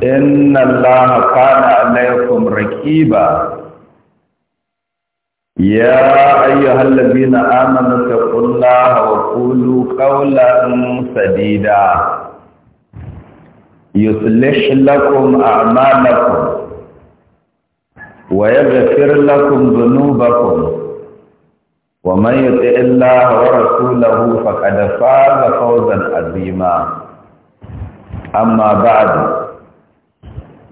inna allaha kana alaykum raqiba ya ayyuhal ladina amanu taqullaha wa qulu qawlan sadida yuslih lakum a'malakum wa yaghfir lakum dhunubakum wa man yuti' illaha wa rasulahu faqad faza fawzan 'azima amma ba'du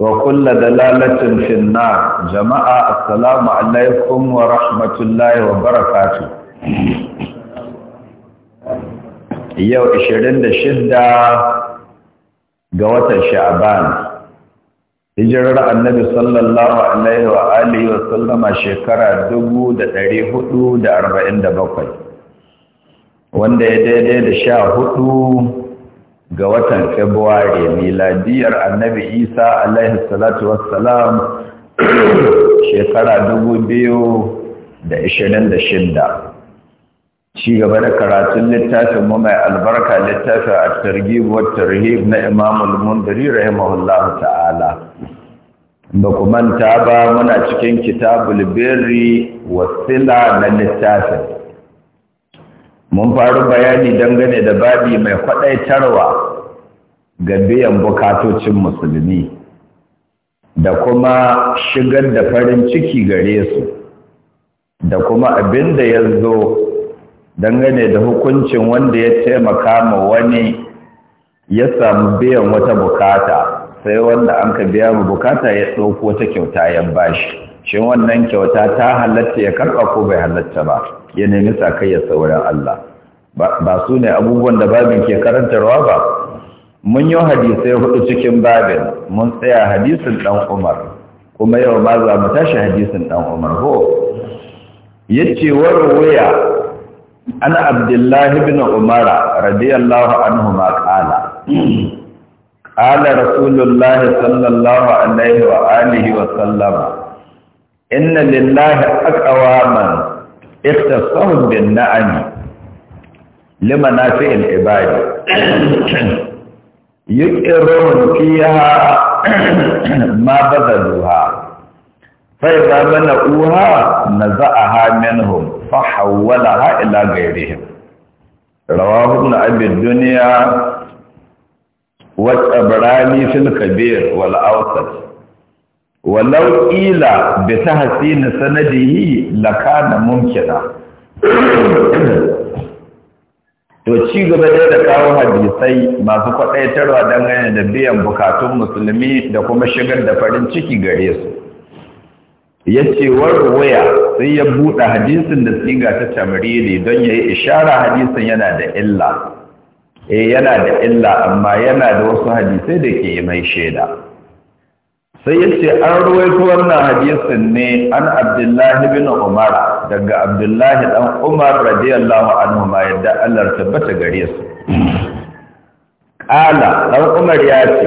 وكل دلالة في النار جماعة السلام عليكم ورحمة الله وبركاته يو إشرين دشدة قوة شعبان hijirar annabi sallallahu alaihi wa alihi wa sallama shekara 1447 wanda ya daidai da sha hudu ga watan Februari miladiyar Annabi Isa alaihi salatu wassalam shekara 2026 ci gaba da karatun littafin mu mai albarka littafin a targhib wa tarhib na Imam al rahimahullahu ta'ala da kuma ta ba muna cikin kitabul birri wasila na littafin mun faru bayani dangane da babi mai kwaɗaitarwa ga biyan bukatocin musulmi da kuma shigar da farin ciki gare su da kuma abin da ya zo dangane da hukuncin wanda ya taimaka ma wani ya samu biyan wata bukata sai wanda an ka biya mu bukata ya ɗauko ta kyauta ya bashi shin wannan kyauta ta halatta ya karɓa ko bai halatta ba ya nemi sakayya sauran Allah ba su ne abubuwan da babin ke karantarwa ba mun yi hadisai hudu cikin babin mun tsaya hadisin dan Umar kuma yau ma za mu tashi hadisin dan Umar ho yace warwaya ana Abdullahi bin Umar radiyallahu anhu ma qala qala sallallahu alaihi wa alihi wa sallama inna lillahi aqwaman اختصهم بالنعم لما نافئ العباد يكرون فيها ما بذلوها فإذا ملؤوها نزعها منهم فحولها إلى غيرهم رواه ابن أبي الدنيا والأبراني في الكبير والأوسط walau ila bi tahsin sanadihi lakana mumkina to ci gaba dai da kawo hadisai masu don gane da biyan bukatun musulmi da kuma shigar da farin ciki gare su yace waya sai ya buɗe hadisin da siga ta tamrili don yayi ishara hadisin yana da illa eh yana da illa amma yana da wasu hadisai da ke mai shaida. sai ya ce an ruwaito wannan hadisin ne an abdullahi bin umar daga abdullahi dan umar radiyallahu anhu ma yadda Allah tabbata gare su qala dan umar ya ce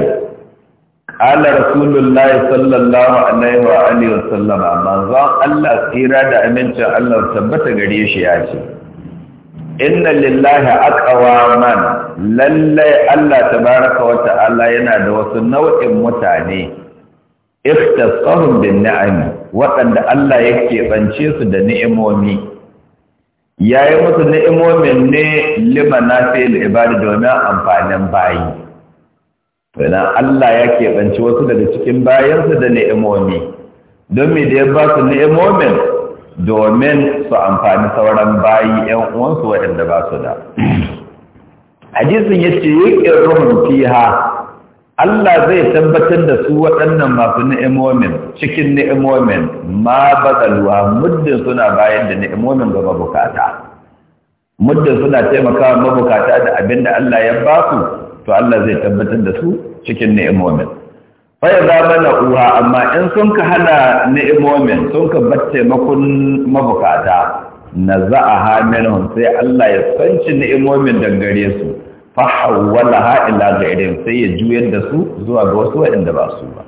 qala rasulullahi sallallahu alaihi wa alihi wa sallama manzon Allah tsira da amincin Allah tabbata gare shi ya ce inna lillahi aqwaman lalle Allah tabaraka wa ta'ala yana da wasu nau'in mutane ikhtasahum bin ni'am waɗanda Allah ya keɓance su da ni'imomi ya yi musu ni'imomin ne na fi ibadi domin amfanin bayi to Allah ya keɓance wasu daga cikin bayansa da ni'imomi don me da ya ba su ni'imomin domin su amfani sauran bayi 'yan uwansu waɗanda ba su da hadisin yace yaqirruhum fiha Allah zai tabbatar da su waɗannan masu ni'imomin cikin ni'imomin ma muddin suna bayan da ni'imomin ga mabukata. Muddin suna taimakawa mabukata da abin da Allah ya ba su, to Allah zai tabbatar da su cikin ni'imomin. Faya za mana uwa amma in sun ka hana ni'imomin sun ka bar taimakon mabukata, na za a hamin sai Allah ya sanci ni'imomin dangare su. fahawwalaha ila ghayrihim sai ya juyar da su zuwa ga wasu waɗanda ba su ba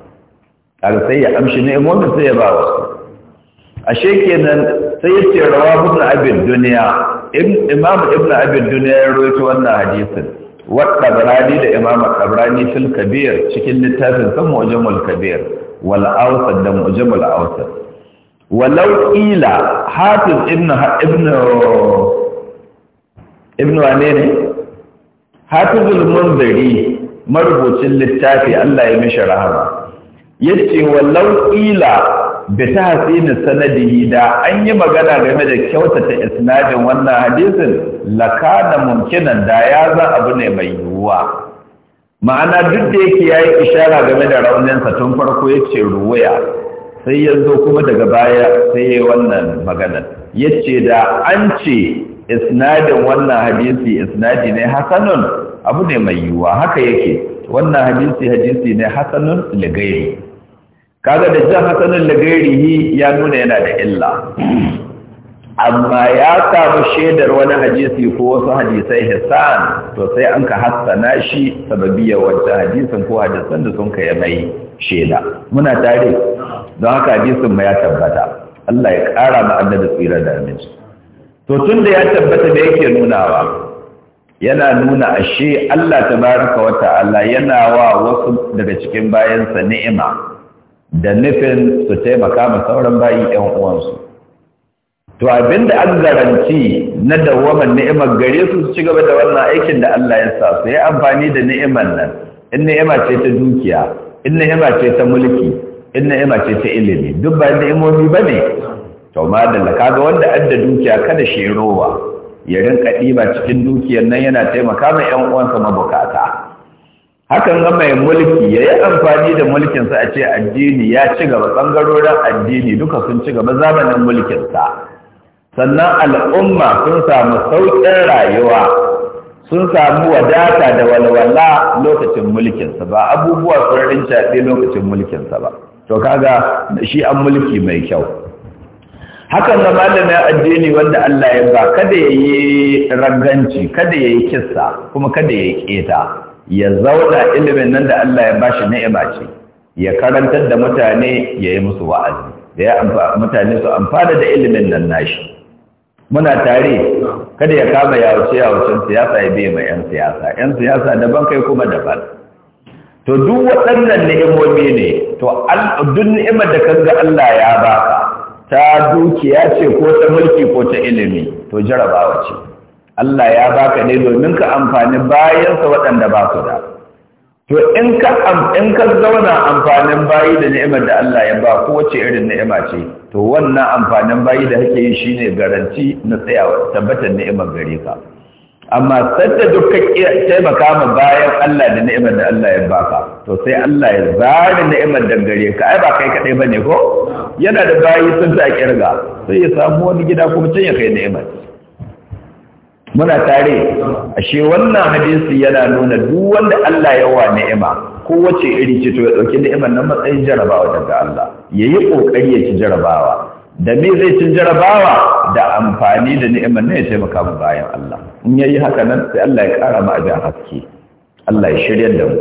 kaga sai ya amshi ne mu'min sai ya ba wasu ashe kenan sai ya ce rawahu ibn abi dunya imam ibn abi duniya ya rawaito wannan hadisin wadda barani da imam qabrani fil kabir cikin littafin san mu'jamul kabir wal awsad da mu'jamul awsad walau Ila hafiz ibn ibn ibn wane ne hafizul munzari marubucin littafi Allah ya mishi rahama yace wallau ila bi tahsin sanadihi da an yi magana game da kyautata isnadin wannan hadisin lakana mumkinan da ya za abu ne mai yiwuwa ma'ana duk da yake yayi ishara game da raunin sa tun farko yace ruwaya sai yanzu kuma daga baya sai yayi wannan magana yace da an ce isnadin wannan hadisi isnadi ne hasanun abu ne mai yiwuwa haka yake wannan hadisi hadisi ne hasanun ligairi kaga da jan hasanun hi ya nuna yana da illa amma ya samu shaidar wani hadisi ko wasu hadisai hisan to sai an ka hassana shi sababiyar wancan hadisin ko hadisan da sun kai mai shaida muna tare don haka hadisin ma ya tabbata Allah ya ƙara ma annabi tsira da aminci to tun da ya tabbata da yake nunawa yana nuna ashe Allah Ta baraka wata ta'ala yana wa wasu daga cikin bayansa ni'ima da nufin su taimaka ma sauran bayi ɗan uwansu to abinda an garanti na dawamar ni'imar gare su su ci gaba da wannan aikin da Allah ya sa su yi amfani da ni'imar nan in ni'ima ce ta dukiya in ni'ima ce ta mulki in ni'ima ce ta ilimi duk ba ni'imomi ba ne. to madalla kaga wanda adda dukiya kada shi rowa ya rinka ɗiba cikin dukiyar nan yana taimaka ma ƴan uwansa mabukata hakan ga mai mulki yayi amfani da mulkin mulkinsa a ce addini ya ci gaba bangarorin addini duka sun ci gaba zamanin mulkinsa sannan al'umma sun samu sauƙin rayuwa sun samu wadata da walwala lokacin mulkin sa ba abubuwa sun rincaɗe lokacin mulkin sa ba to kaga shi an mulki mai kyau hakan ga malamin addini wanda Allah ya ba kada ya yi raganci kada ya yi kissa kuma kada ya yi keta ya zauna ilimin nan da Allah ya ba shi ni'ima ce ya karantar da mutane ya yi musu wa'azi da ya mutane su amfana da ilimin nan nashi muna tare kada ya kama yawace yawacen siyasa ya biya mai 'yan siyasa 'yan siyasa daban kai kuma daban to duk waɗannan ni'imomi ne to duk ni'imar da kanga Allah ya baka ta dukiya ce ko ta mulki ko ta ilimi to jarabawa ce Allah ya baka ne domin ka amfani bayan sa waɗanda ba su da to in ka in ka zauna amfanin bayi da ni'imar da Allah ya ba ko wace irin ni'ima ce to wannan amfanin bayi da kake yi shine garanti na tsayawa tabbatar ni'imar gare ka amma sadda dukkan taimaka ma bayan Allah da ni'imar da Allah ya baka to sai Allah ya zari ni'imar da gare ka ai ba kai kadai bane ko yana da bayi sun ta kirga sai ya samu wani gida kuma can ya kai ni'imar muna tare ashe wannan hadisi yana nuna duk wanda Allah ya wa ni'ima kowace iri ce to ya dauki ni'imar nan matsayin jarabawa daga Allah yayi kokari ya ci jarabawa da me zai ci jarabawa da amfani da ni'imar ne ya taimaka ma bayan Allah in yayi haka nan sai Allah ya ƙara ma ajin haske Allah ya shirya da mu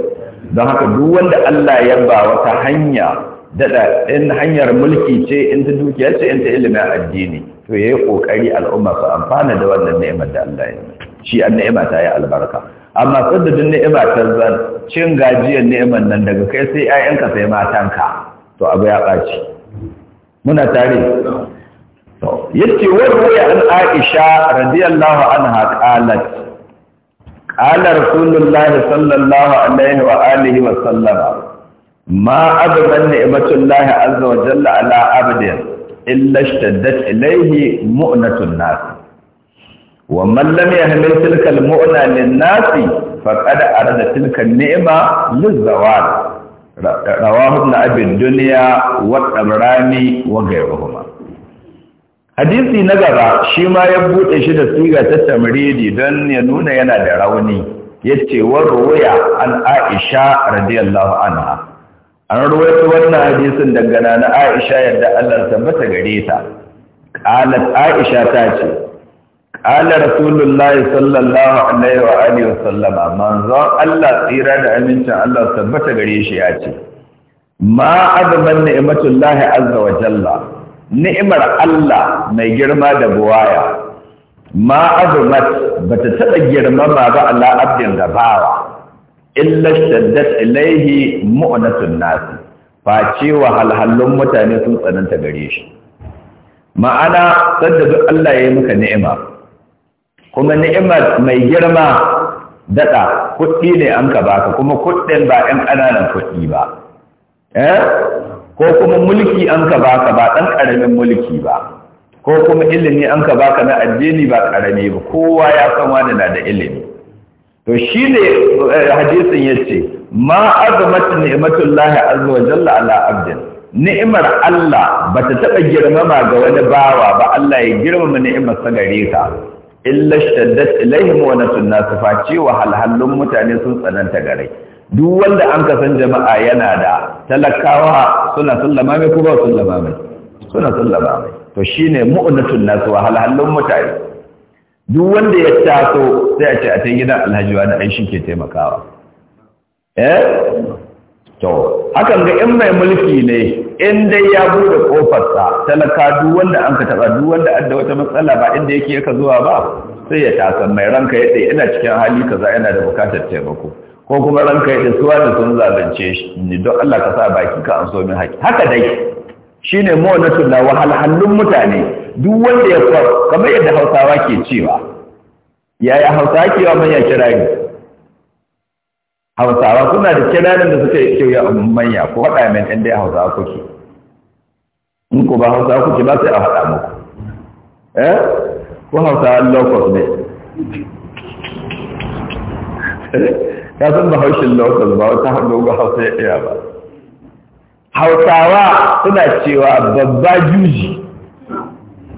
don haka duk wanda Allah ya ba wata hanya daɗa in hanyar mulki ce in ta dukiya ce in ta ilimin addini to yayi kokari al'umma su amfana da wannan ni'imar da Allah ya shi an ni'ima ta yi albarka amma saboda duk ni'ima ta zan cin gajiyar ni'imar nan daga kai sai 'ya'yanka sai matanka to abu ya ɓaci muna tare yace wa ruwaya an Aisha radiyallahu anha qalat qala rasulullah sallallahu alaihi wa alihi wa sallama ma abdan ni'matullah azza wa jalla ala abdin illa ishtaddat ilayhi mu'natun nas wa man lam yahmil tilka al-mu'na lin-nas faqad arada tilka an-ni'ma liz-zawal rawahu ibn abi dunya wa tabrani wa ghayruhuma hadisi na gaba shi ma ya buɗe shi da siga ta tamridi don ya nuna yana da rauni yace wa ruwaya an Aisha radiyallahu anha an ruwaito wannan hadisin dangana na Aisha yadda Allah ya tabbata gare ta qalat Aisha ta ce qala rasulullahi sallallahu alaihi wa alihi wasallama manzo Allah tsira da amincin Allah tabbata gare shi ya ce ma azman ni'matullahi azza wa jalla ni'imar Allah mai girma da buwaya ma azumat ba ta taɓa girmama ba Allah abdin gabawa illa shaddat ilaihi mu'natun nasi face wahalhallun mutane sun tsananta gare shi ma'ana sadda duk Allah ya yi maka ni'ima kuma ni'imar mai girma daɗa kuɗi ne an ka baka kuma kuɗin ba 'yan ƙananan kuɗi ba eh? ko kuma mulki an ka baka ba ɗan ƙaramin mulki ba ko kuma ilimi an ka baka na addini ba ƙarami ba kowa ya san wani na da ilimi to shi ne eh, hadisin ya ce ma azamat ni'matullahi azza wa jalla ala abdin ni'imar Allah ba ta taɓa girmama ga wani bawa ba Allah ya girmama ni'imar sa gare ka illa shaddat ilaihim wa natun nasu face wa halhallun mutane sun tsananta gare duk wanda an ka san jama'a yana da talakawa suna sallama mai ko ba sallama mai suna sallama mai to shine mu'unatun nasu wahalhallun mutane duk wanda ya taso sai a ce a ta gidan alhaji wani da shi ke taimakawa eh to hakan ga in mai mulki ne in dai ya bude sa talaka duk wanda an ka taba duk wanda an wata matsala ba inda yake yaka zuwa ba sai ya tasa mai ranka ya ina cikin hali kaza yana da bukatar taimako ko kuma ranka ya tsuwa da sun zalunce shi ni don Allah ka sa baki ka an so min haƙi haka dai shine mawanatul la wahalhallun mutane duk wanda ya kwa kamar yadda Hausawa ke cewa yaya Hausawa ke wa manya kirari Hausawa suna da kiranin da suka yi kyau manya ko faɗa min inda ya Hausawa kuke in ku ba Hausawa kuke ba sai a haɗa muku eh ko Hausawa lokos ne eh? ya san da haushin lokal ba wata hannu hausa ya ba hausawa suna cewa babba juji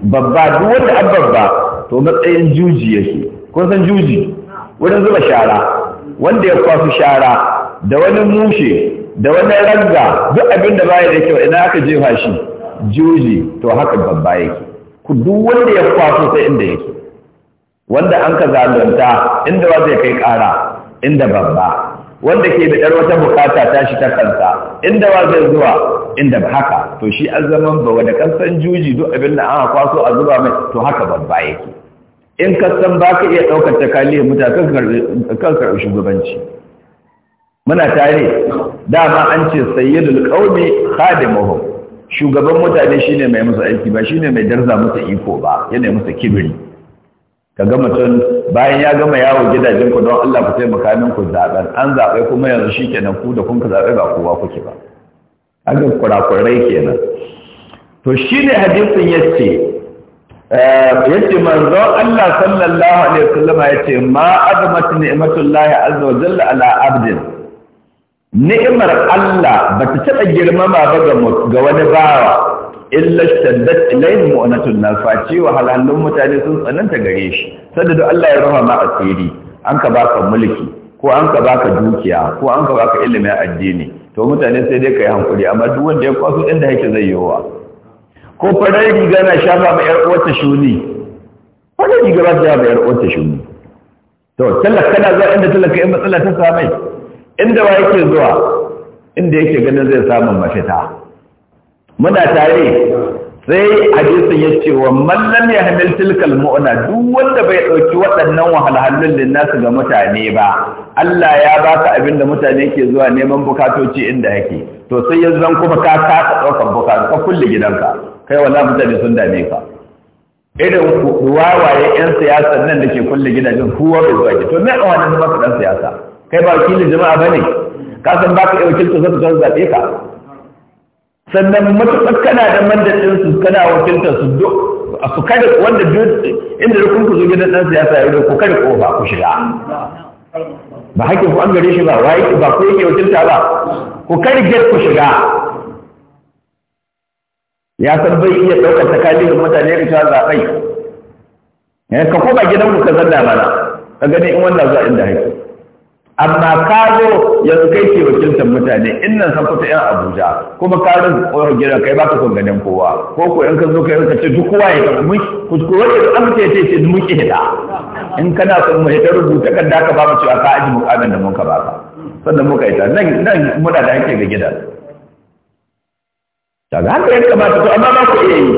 babba duk wanda an babba to matsayin juji yake kun san juji wurin zuba shara wanda ya kwasu shara da wani mushe da wani ranga duk abin da baya da kyau idan aka jefa shi juji to haka babba yake ku duk wanda ya kwasu sai inda yake wanda an ka zalunta inda ba zai kai kara inda babba wanda ke bidar wata bukata ta shi ta kansa inda ba zai zuwa inda ba haka to shi an zaman ba wanda kan juji duk abin da aka kwaso a zuba mai to haka babba yake in ka san ba ka iya ɗaukar takaliyar kan karɓi shugabanci muna tare dama an ce sayyidul qaumi khadimuhum shugaban mutane shine mai musu aiki ba shine mai darza musu iko ba yana musu kibiri ka ga mutum bayan ya gama yawo gidajen ku don Allah ku taimaka min ku zaɓen an zaɓe kuma yanzu shi kenan ku da kun ka zaɓe ba kowa kuke ba haka kurakurai kenan to shi ne hadisin ya ce eh, ya ce manzon Allah sallallahu alaihi wasallama ya ce ma azamatu ni'matullahi azza wa jalla ala abdin ni'imar Allah bata taɓa girmama ba ga wani bawa illa shaddat ilayhi mu'natun nas fa ce wahalhalun mutane sun tsananta gare shi sadda Allah ya rahama asiri an ka baka mulki ko an ka baka dukiya ko an ka baka ilimin addini to mutane sai dai kai hankuri amma duk wanda ya kwaso inda yake zai yiwa ko farar riga na shafa mai yar uwarta shuni farar riga ba ta yar uwarta shuni to talaka kana zuwa inda talaka in matsala ta samai inda wa yake zuwa inda yake ganin zai samu mafita muna tare sai hadisin ya ce wa mallam ya hamil tilkal mu'na duk wanda bai ɗauki waɗannan wahalhalun linnasu ga mutane ba Allah ya ka abin da mutane ke zuwa neman bukatoci inda yake to sai ya zan kuma ka kasa ɗaukar bukatu ka kulle gidanka kai wallahi mutane sun dame ka irin wawaye yan siyasa nan da ke kulle gidajen kowa bai zuwa to me wani zama ka dan siyasa kai ba wakilin jama'a bane ka san baka iya sosai sosai zaɓe ka sannan matuƙar kana da mandatin su kana wakiltar su duk su kada wanda duk inda da kunku zo gidan ya sa ya ku kada ko ba ku shiga ba haƙƙi ku an gare shi ba wai ba ku yake wakilta ba ku kada get ku shiga ya san bai iya ɗaukar takalin mutane da cewa zaɓai eh, ka ko ba gidan ku ka zanna mana ka gani in wannan zuwa inda haƙƙi amma ka zo yanzu kai ke wakiltar mutane in nan san fita yan abuja kuma ka zo kawai gida kai baka son ganin kowa ko ko in ka zo kai ka ce duk kowa ya karɓi mun kuskure da an ce ce ce mun ki hita in kana son mu ya rubuta kan da ka ba mu cewa ka aji mukamin da mun ka ka sannan muka yi ta nan nan muna da yake ga gidan daga haka ya kamata to amma ba ku iya yi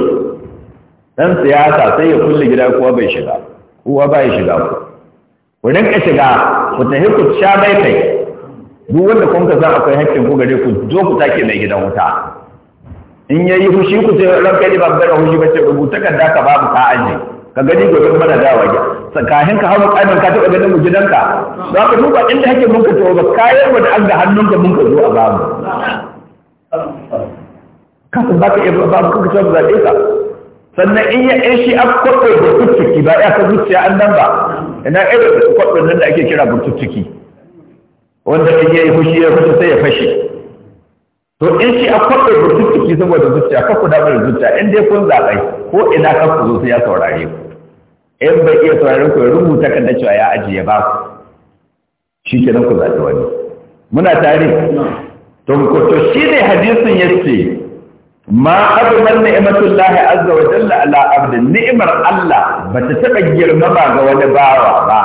dan siyasa sai ya kulle gida kowa bai shiga kowa bai shiga ku ku ka shiga ku tafi ku sha mai kai duk wanda kun ka san akwai hakkin ku gare ku zo ku take mai gidan wuta in yayi fushi ku ce ranka ne babbar fushi ba ce rubuta kan da ka babu ka aje ka gani gobe mana dawa ga tsakahin ka hawo kanin ka taba ganin mu gidanka za ka duba inda hakkin mun ka tawo ba kayan mu da an ga ka mun ka zo a babu ka san ba ka iya babu kuka ce zaɓe ka sannan in ya ishi akwai an kwaɗo da ba ya ka zuciya an nan ba ina irin kwaɗin nan da ake kira burtuttuki wanda in yi fushi ya fushi sai ya fashe to in shi a kwaɗin burtuttuki saboda zuciya kakku mai zuciya in dai kun zaɓai ko ina kakku zo sai ya saurare ku in bai iya saurare ku ya rubuta kan da cewa ya ajiye ba ku shi nan ku zaɓi wani muna tare to to shi ne hadisin ce. ma azumar ni'imatul lahi azza wa jalla ala Abdi, ni'imar Allah bata taɓa girma ba ga wani bawa ba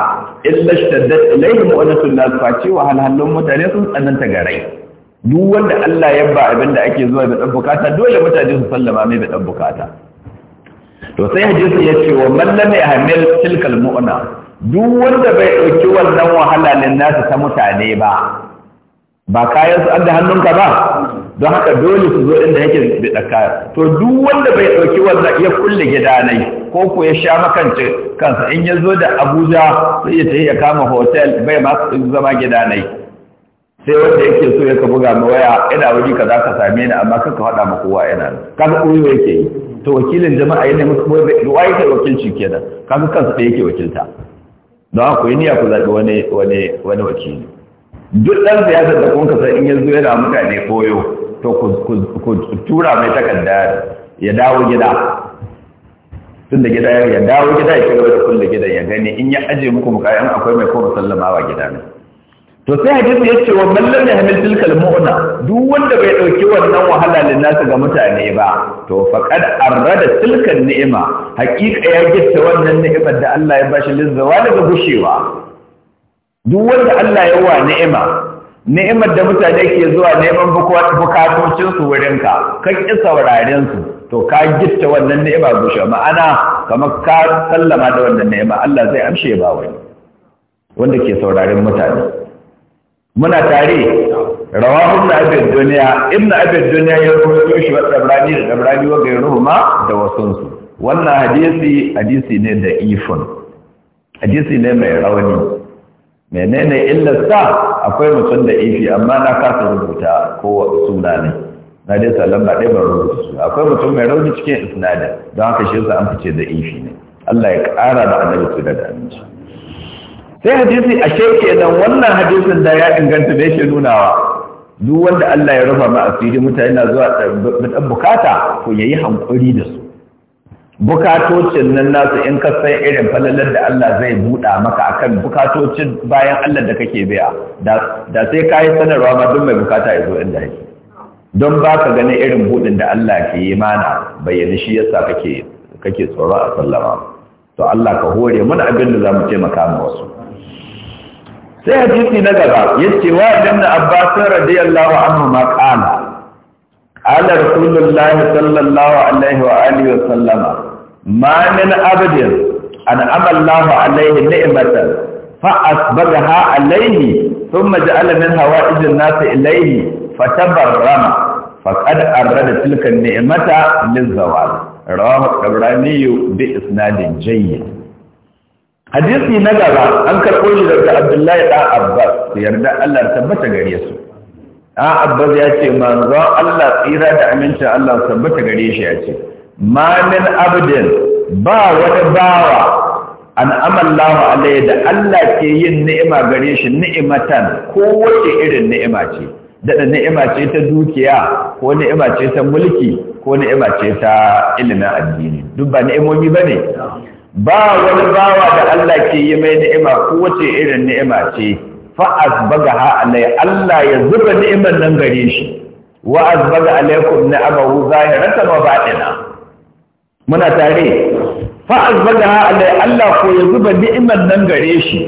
illa shaddat ilayhi mu'anatul nas fa ce wa halhalun mutane sun tsananta ga rai duk wanda Allah ya ba abin da ake zuwa da dan bukata dole mutane su sallama mai da dan bukata to sai hadisi ya ce wa man lam yahmil tilkal mu'na duk wanda bai dauki wannan wahala lin nasu ta mutane ba ba kayan su an da hannunka ba don haka dole su zo inda yake bida kaya to duk wanda bai ɗauki wannan ya kulle gidanai ko ko ya sha makance kansa in ya zo da abuja sai ya tafi ya kama hotel bai ma zama gidanai sai wanda yake so ya ka buga ma waya ina waje ka za ka same ni amma kanka faɗa ma kowa ina kaga koyo yake yi to wakilin jama'a yana musu wai kai wakilci kenan kaga kansa da yake wakilta don haka ku yi niyya ku zaɓi wani wani wani wakili duk ɗan siyasar da kun san in ya zo yana mutane koyo to ku tura mai takarda ya dawo gida tun da gida ya dawo gida ya kira da kulle gida ya gani in ya aje muku mukayan akwai mai koma sallama wa gida ne to sai hadisi ya ce wa mallan ya hamil tilkal mu'na duk wanda bai dauki wannan wahala nasu ga mutane ba to faqad arrada tilkal ni'ima haqiqa ya gitta wannan ni'imar da Allah ya bashi lin zawali ga gushewa duk wanda Allah ya wa ni'ima ni'imar da mutane ke zuwa neman bukatocin su wurin ka ki sauraren su to ka gitta wannan ni'ima bushe ma'ana kamar ka sallama da wannan ni'ima Allah zai amshe ba wai wanda ke sauraren mutane muna tare rawahu ibn abin Duniya, ibn abin Duniya ya rawaito shi wa dabrani da dabrani wa gairuhu ma da su wannan hadisi hadisi ne da ifun hadisi ne mai rauni menene sa akwai mutum da ifi amma na kasa rubuta ko suna ne na dai sallan ba dai ban rubuta su akwai mutum mai rauni cikin isnadin don haka shi an fice da ifi ne Allah ya ƙara da annabi su da aminci sai hadisi a sheke nan wannan hadisin da ya inganta da yake nunawa duk wanda Allah ya rufa ma asiri mutane na zuwa da bukata ko yayi hankuri da su bukatocin nan nasu in ka san irin falalar da Allah zai buɗa maka akan bukatocin bayan Allah da kake biya da sai ka yi sanarwa ma don mai bukata ya zo inda yake don ba ka gani irin buɗin da Allah ke yi mana bayyana shi yasa kake kake tsoro a sallama to Allah ka hore mana abin da zamu taimaka ma wasu sai hadisi na gaba yace wa ibn Abbas radiyallahu anhu ma kana ala rasulullahi sallallahu alaihi wa alihi wa sallama ma min abdin an amallahu alaihi ni'matan fa asbagaha alaihi thumma ja'ala min hawa'ijin nas ilaihi fatabarrama da arrada tilka ni'mata lizawal rawahu tabrani bi isnadin jayyid hadisi na gaba an karɓo shi daga Abdullahi da Abbas yarda Allah tabbata gare su a abbas ya ce manzo Allah tsira da amincin Allah tabbata gare shi ya ce ma min abdin ba wani bawa an amallahu alayhi da Allah ke yin ni'ima gare shi ni'imatan ko wace irin ni'ima ce da ni'ima ce ta dukiya ko ni'ima ce ta mulki ko ni'ima ce ta ilimin addini duk ba ni'imomi ba ne ba wani bawa da Allah ke yi mai ni'ima ko wace irin ni'ima ce fa’as baga ha alai Allah ya zuba ni'imar nan gare shi wa azbaga alaikum ni'amahu ta ba batina muna tare fa azbaga alai Allah ko ya zuba ni'imar nan gare shi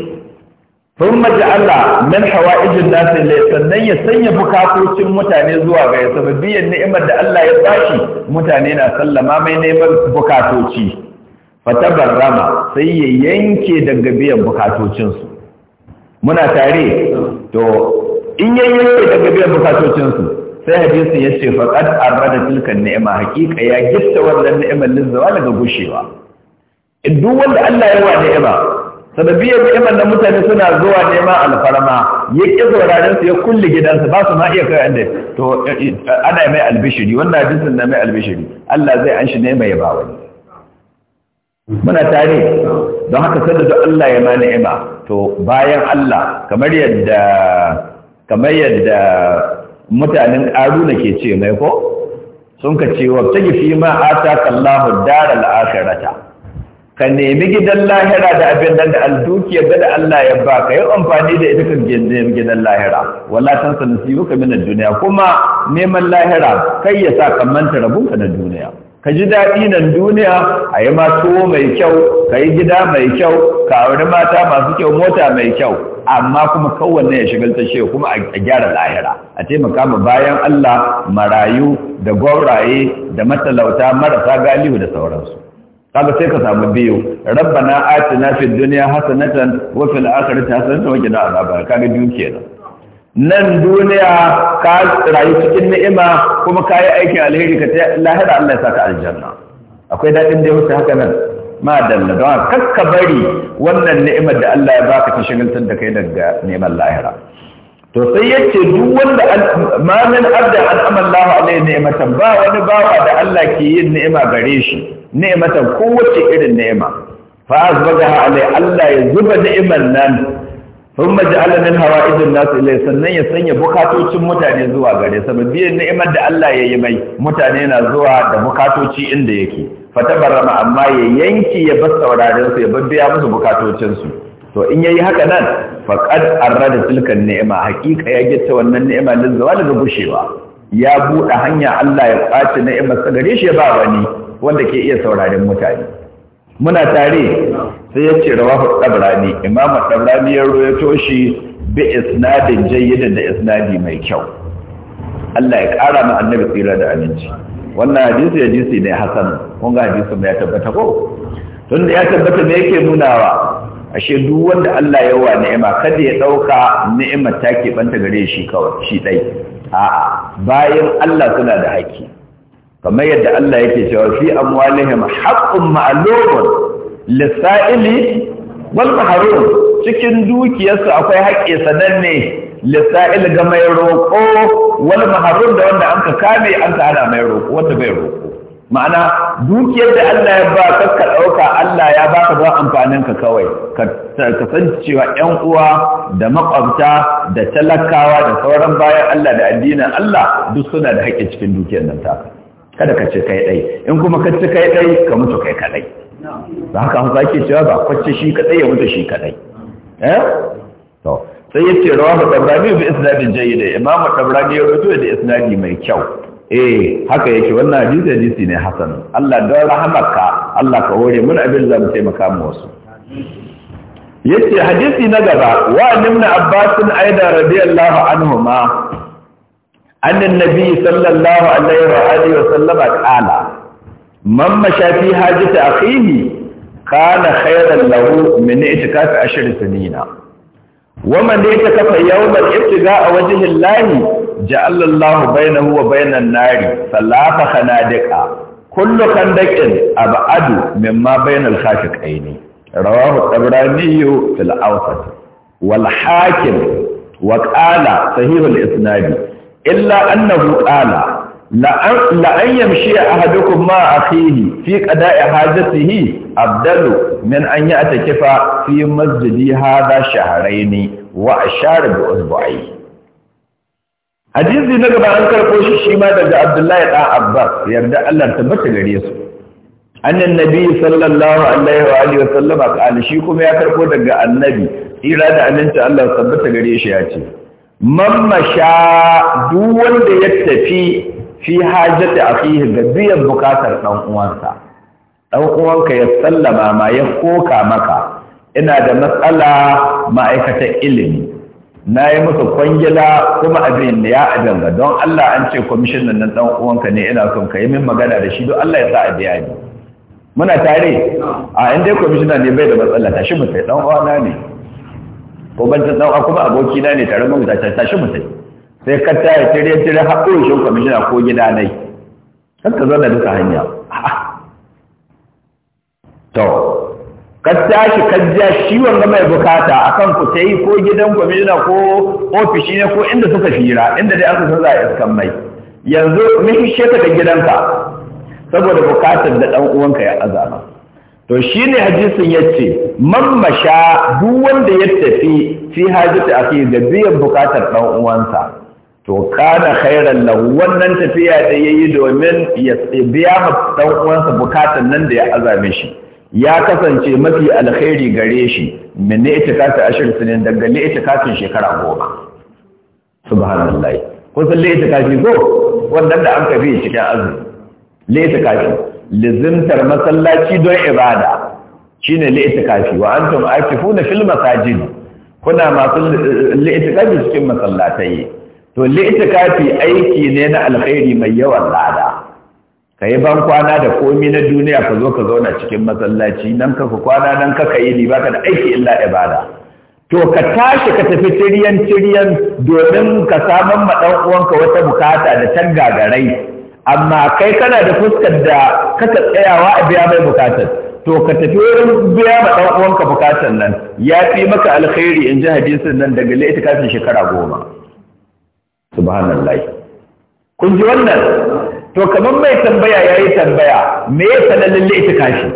thumma Allah min hawaijin nas lai sannan ya sanya bukatocin mutane zuwa ga sababiyyar ni'imar da Allah ya bashi mutane na sallama mai neman bukatoci fatabarrama sai ya yanke daga biyan bukatocinsu muna tare to in yayyanke daga biyan bukatocinsu sai hadisin ya ce faƙad arada tilkan ni'ima hakika ya gitta wannan ni'imar lizawa daga gushewa in duk wanda Allah ya wa ni'ima sababiyar ni'imar da mutane suna zuwa nema alfarma ya ƙi zaurarin su ya kulle gidansu ba su ma iya kai inda to ana mai albishiri wannan hadisin na mai albishiri Allah zai anshi ne ni'ima ya ba wani muna tare don haka sanda da Allah ya ma ni'ima to bayan Allah kamar yadda kamar yadda mutanen Aruna ke ce mai ko sun ka ce wa tagi fi ma ataka kallahu dara akhirata ka nemi gidan lahira da abin nan da aldukiyar da Allah ya ba ka yi amfani da ita kan gidan lahira wala tansa nasibuka ka ad-dunya kuma neman lahira kai ya sa kamanta rabunka na duniya ka ji daɗi nan duniya a yi tuwo mai kyau ka yi gida mai kyau ka auri mata masu kyau mota mai kyau amma kuma kowanne ya shigalta shi kuma a gyara lahira a taimaka ma bayan Allah marayu da gwauraye da matalauta marasa galihu da sauransu kaga sai ka samu biyu rabbana atina fid dunya hasanatan wa fil akhirati hasanatan wa qina kaga biyu kenan nan duniya ka rayu cikin ni'ima kuma ka yi aikin alheri ka ta lahira Allah ya saka aljanna akwai daɗin da ya wuce haka nan ma dalla don kakka bari wannan ni'imar da Allah ya baka ta shigaltar da kai daga neman lahira to sai yace duk wanda ma min abda an amallahu alaihi ni'matan ba wani bawa da Allah ke yin ni'ima gare shi ni'matan kowace irin ni'ima fa azbaga alai Allah ya zuba ni'imar nan ji maja'ala min idon nasu ilai sannan ya sanya bukatocin mutane zuwa gare sa biyan ni'imar da Allah ya yi mai mutane na zuwa da bukatoci inda yake ma amma ya yanki ya bar sauraron su ya biya musu bukatocin su to in yayi haka nan faqad arrada tilkan ni'ima hakika ya gitta wannan ni'ima din zuwa daga gushewa ya buɗe hanya Allah ya kwace ni'imar sa gare shi ya ba wani wanda ke iya sauraron mutane muna tare sai ya ce rawahu tabrani imam tabrani ya rawaito shi bi isnadin jayyidin da isnadi mai kyau Allah ya kara mu annabi tsira da aminci wannan hadisi ya jisi ne hasan kun ga hadisi ya tabbata ko tun da ya tabbata me yake nunawa ashe duk wanda Allah ya wa ni'ima kada ya dauka ni'imar take banta gare shi kawai shi dai a'a bayan Allah suna da haƙƙi kamar yadda Allah yake cewa fi amwalihim haqqun ma'lumun lisa'ili wal mahrum cikin dukiyarsu akwai haƙƙi sananne lisa'il ga mai roƙo wal mahrum da wanda anka kame anka ana mai roƙo wanda bai roƙo ma'ana dukiyar da Allah ya ba ka ka ɗauka Allah ya baka ba amfanin ka kawai ka kasancewa uwa da makwabta da talakawa da sauran bayan Allah da addinin Allah duk suna da haƙƙi cikin dukiyar nan taka kada ka ce kai dai in kuma ka ci kai dai ka mutu kai kaɗai ba haka hausa ke cewa ba kwace shi kaɗai ya mutu shi kaɗai eh to sai ya ce rawa tabrani bi isnadi jayyid imam tabrani ya rubuto da isnadi mai kyau eh haka yake wannan hadisi hadisi ne hasan Allah da rahamarka Allah ka hore mun abin da mu taimaka mu wasu yace hadisi na gaba wa ibn abbas aida radiyallahu anhuma أن النبي صلى الله عليه وآله وسلم قال من مشى في حاجة أخيه كان خيرا له من اعتكاف عشر سنين ومن اعتكف يوما ابتغاء وجه الله جعل الله بينه وبين النار ثلاث خنادق كل خندق أبعد مما بين الخاشقين رواه الطبراني في الأوسط والحاكم وقال صحيح الإسناد illa annahu qala la an kuma ahadukum ma akhihi fi qada'i hajatihi abdalu min an ya'takifa fi masjidi hadha shahrayn wa ashara bi usbu'i hadisi na gaba an karɓo shi shi ma daga Abdullahi dan Abbas yarda Allah tabbata gare su annan nabi sallallahu alaihi wa alihi wasallama shi kuma ya karɓo daga annabi ira da aminci Allah tabbata gare shi ya ce mammasha duk wanda ya tafi fi hajjata a fi ga biyan bukatar ɗan uwansa ɗan uwanka ya sallama ma ya koka maka ina da matsala ma'aikatan ilimi na yi masa kwangila kuma abin da ya adanga don Allah an ce kwamishinan nan ɗan uwanka ne ina son ka yi min magana da shi don Allah ya sa a biya ni muna tare a inda kwamishina ne bai da matsala ta, shi mutai ɗan uwana ne ko ban ta tsawa kuma aboki na ne tare mun ta tashi mutai sai ka ta ya tire tire haƙo shi kwamishina ko gida nai kan ka da duka hanya to ka tashi ka ji shi wanda mai bukata akan ku ta yi ko gidan kwamishina ko ofishi ne ko inda suka fira inda dai aka san za a iskan mai yanzu mun sheka da gidanka saboda bukatar da ɗan uwanka ya azama to shi ne hadisin ya ce mammasha duk wanda ya tafi fi hajjata a ke da biyan bukatar ɗan uwansa to kana khairan lahu wannan tafiya da ya yi domin ya biya ma ɗan uwansa bukatar nan da ya azame shi ya kasance mafi alkhairi gare shi min ne ita kasa ashirin sinin daga ne ita kasin shekara goma subhanallah kun san ne ita kafi wannan da an kafi cikin azumi ne ita kafi lizimtar masallaci don ibada shine li'itikafi wa an tun ake funa fil masajin kuna masu li'itikafi cikin masallatai to li'itikafi aiki ne na alkhairi mai yawan lada yi ban kwana da komi na duniya ka zo ka zauna cikin masallaci nan ka kwana nan ka yi ni baka da aiki illa ibada to ka tashi ka tafi tiriyan tiriyan domin ka samun ma dan uwanka wata bukata da gagarai amma kai kana da fuskar da kasa tsayawa a biya mai bukatar to ka tafi wurin biya ma ɗan uwanka bukatar nan ya fi maka alkhairi in ji hadisin nan daga laita kafin shekara goma subhanallahi kun ji wannan to kamar mai tambaya ya yi tambaya me ya sanannin laita kashi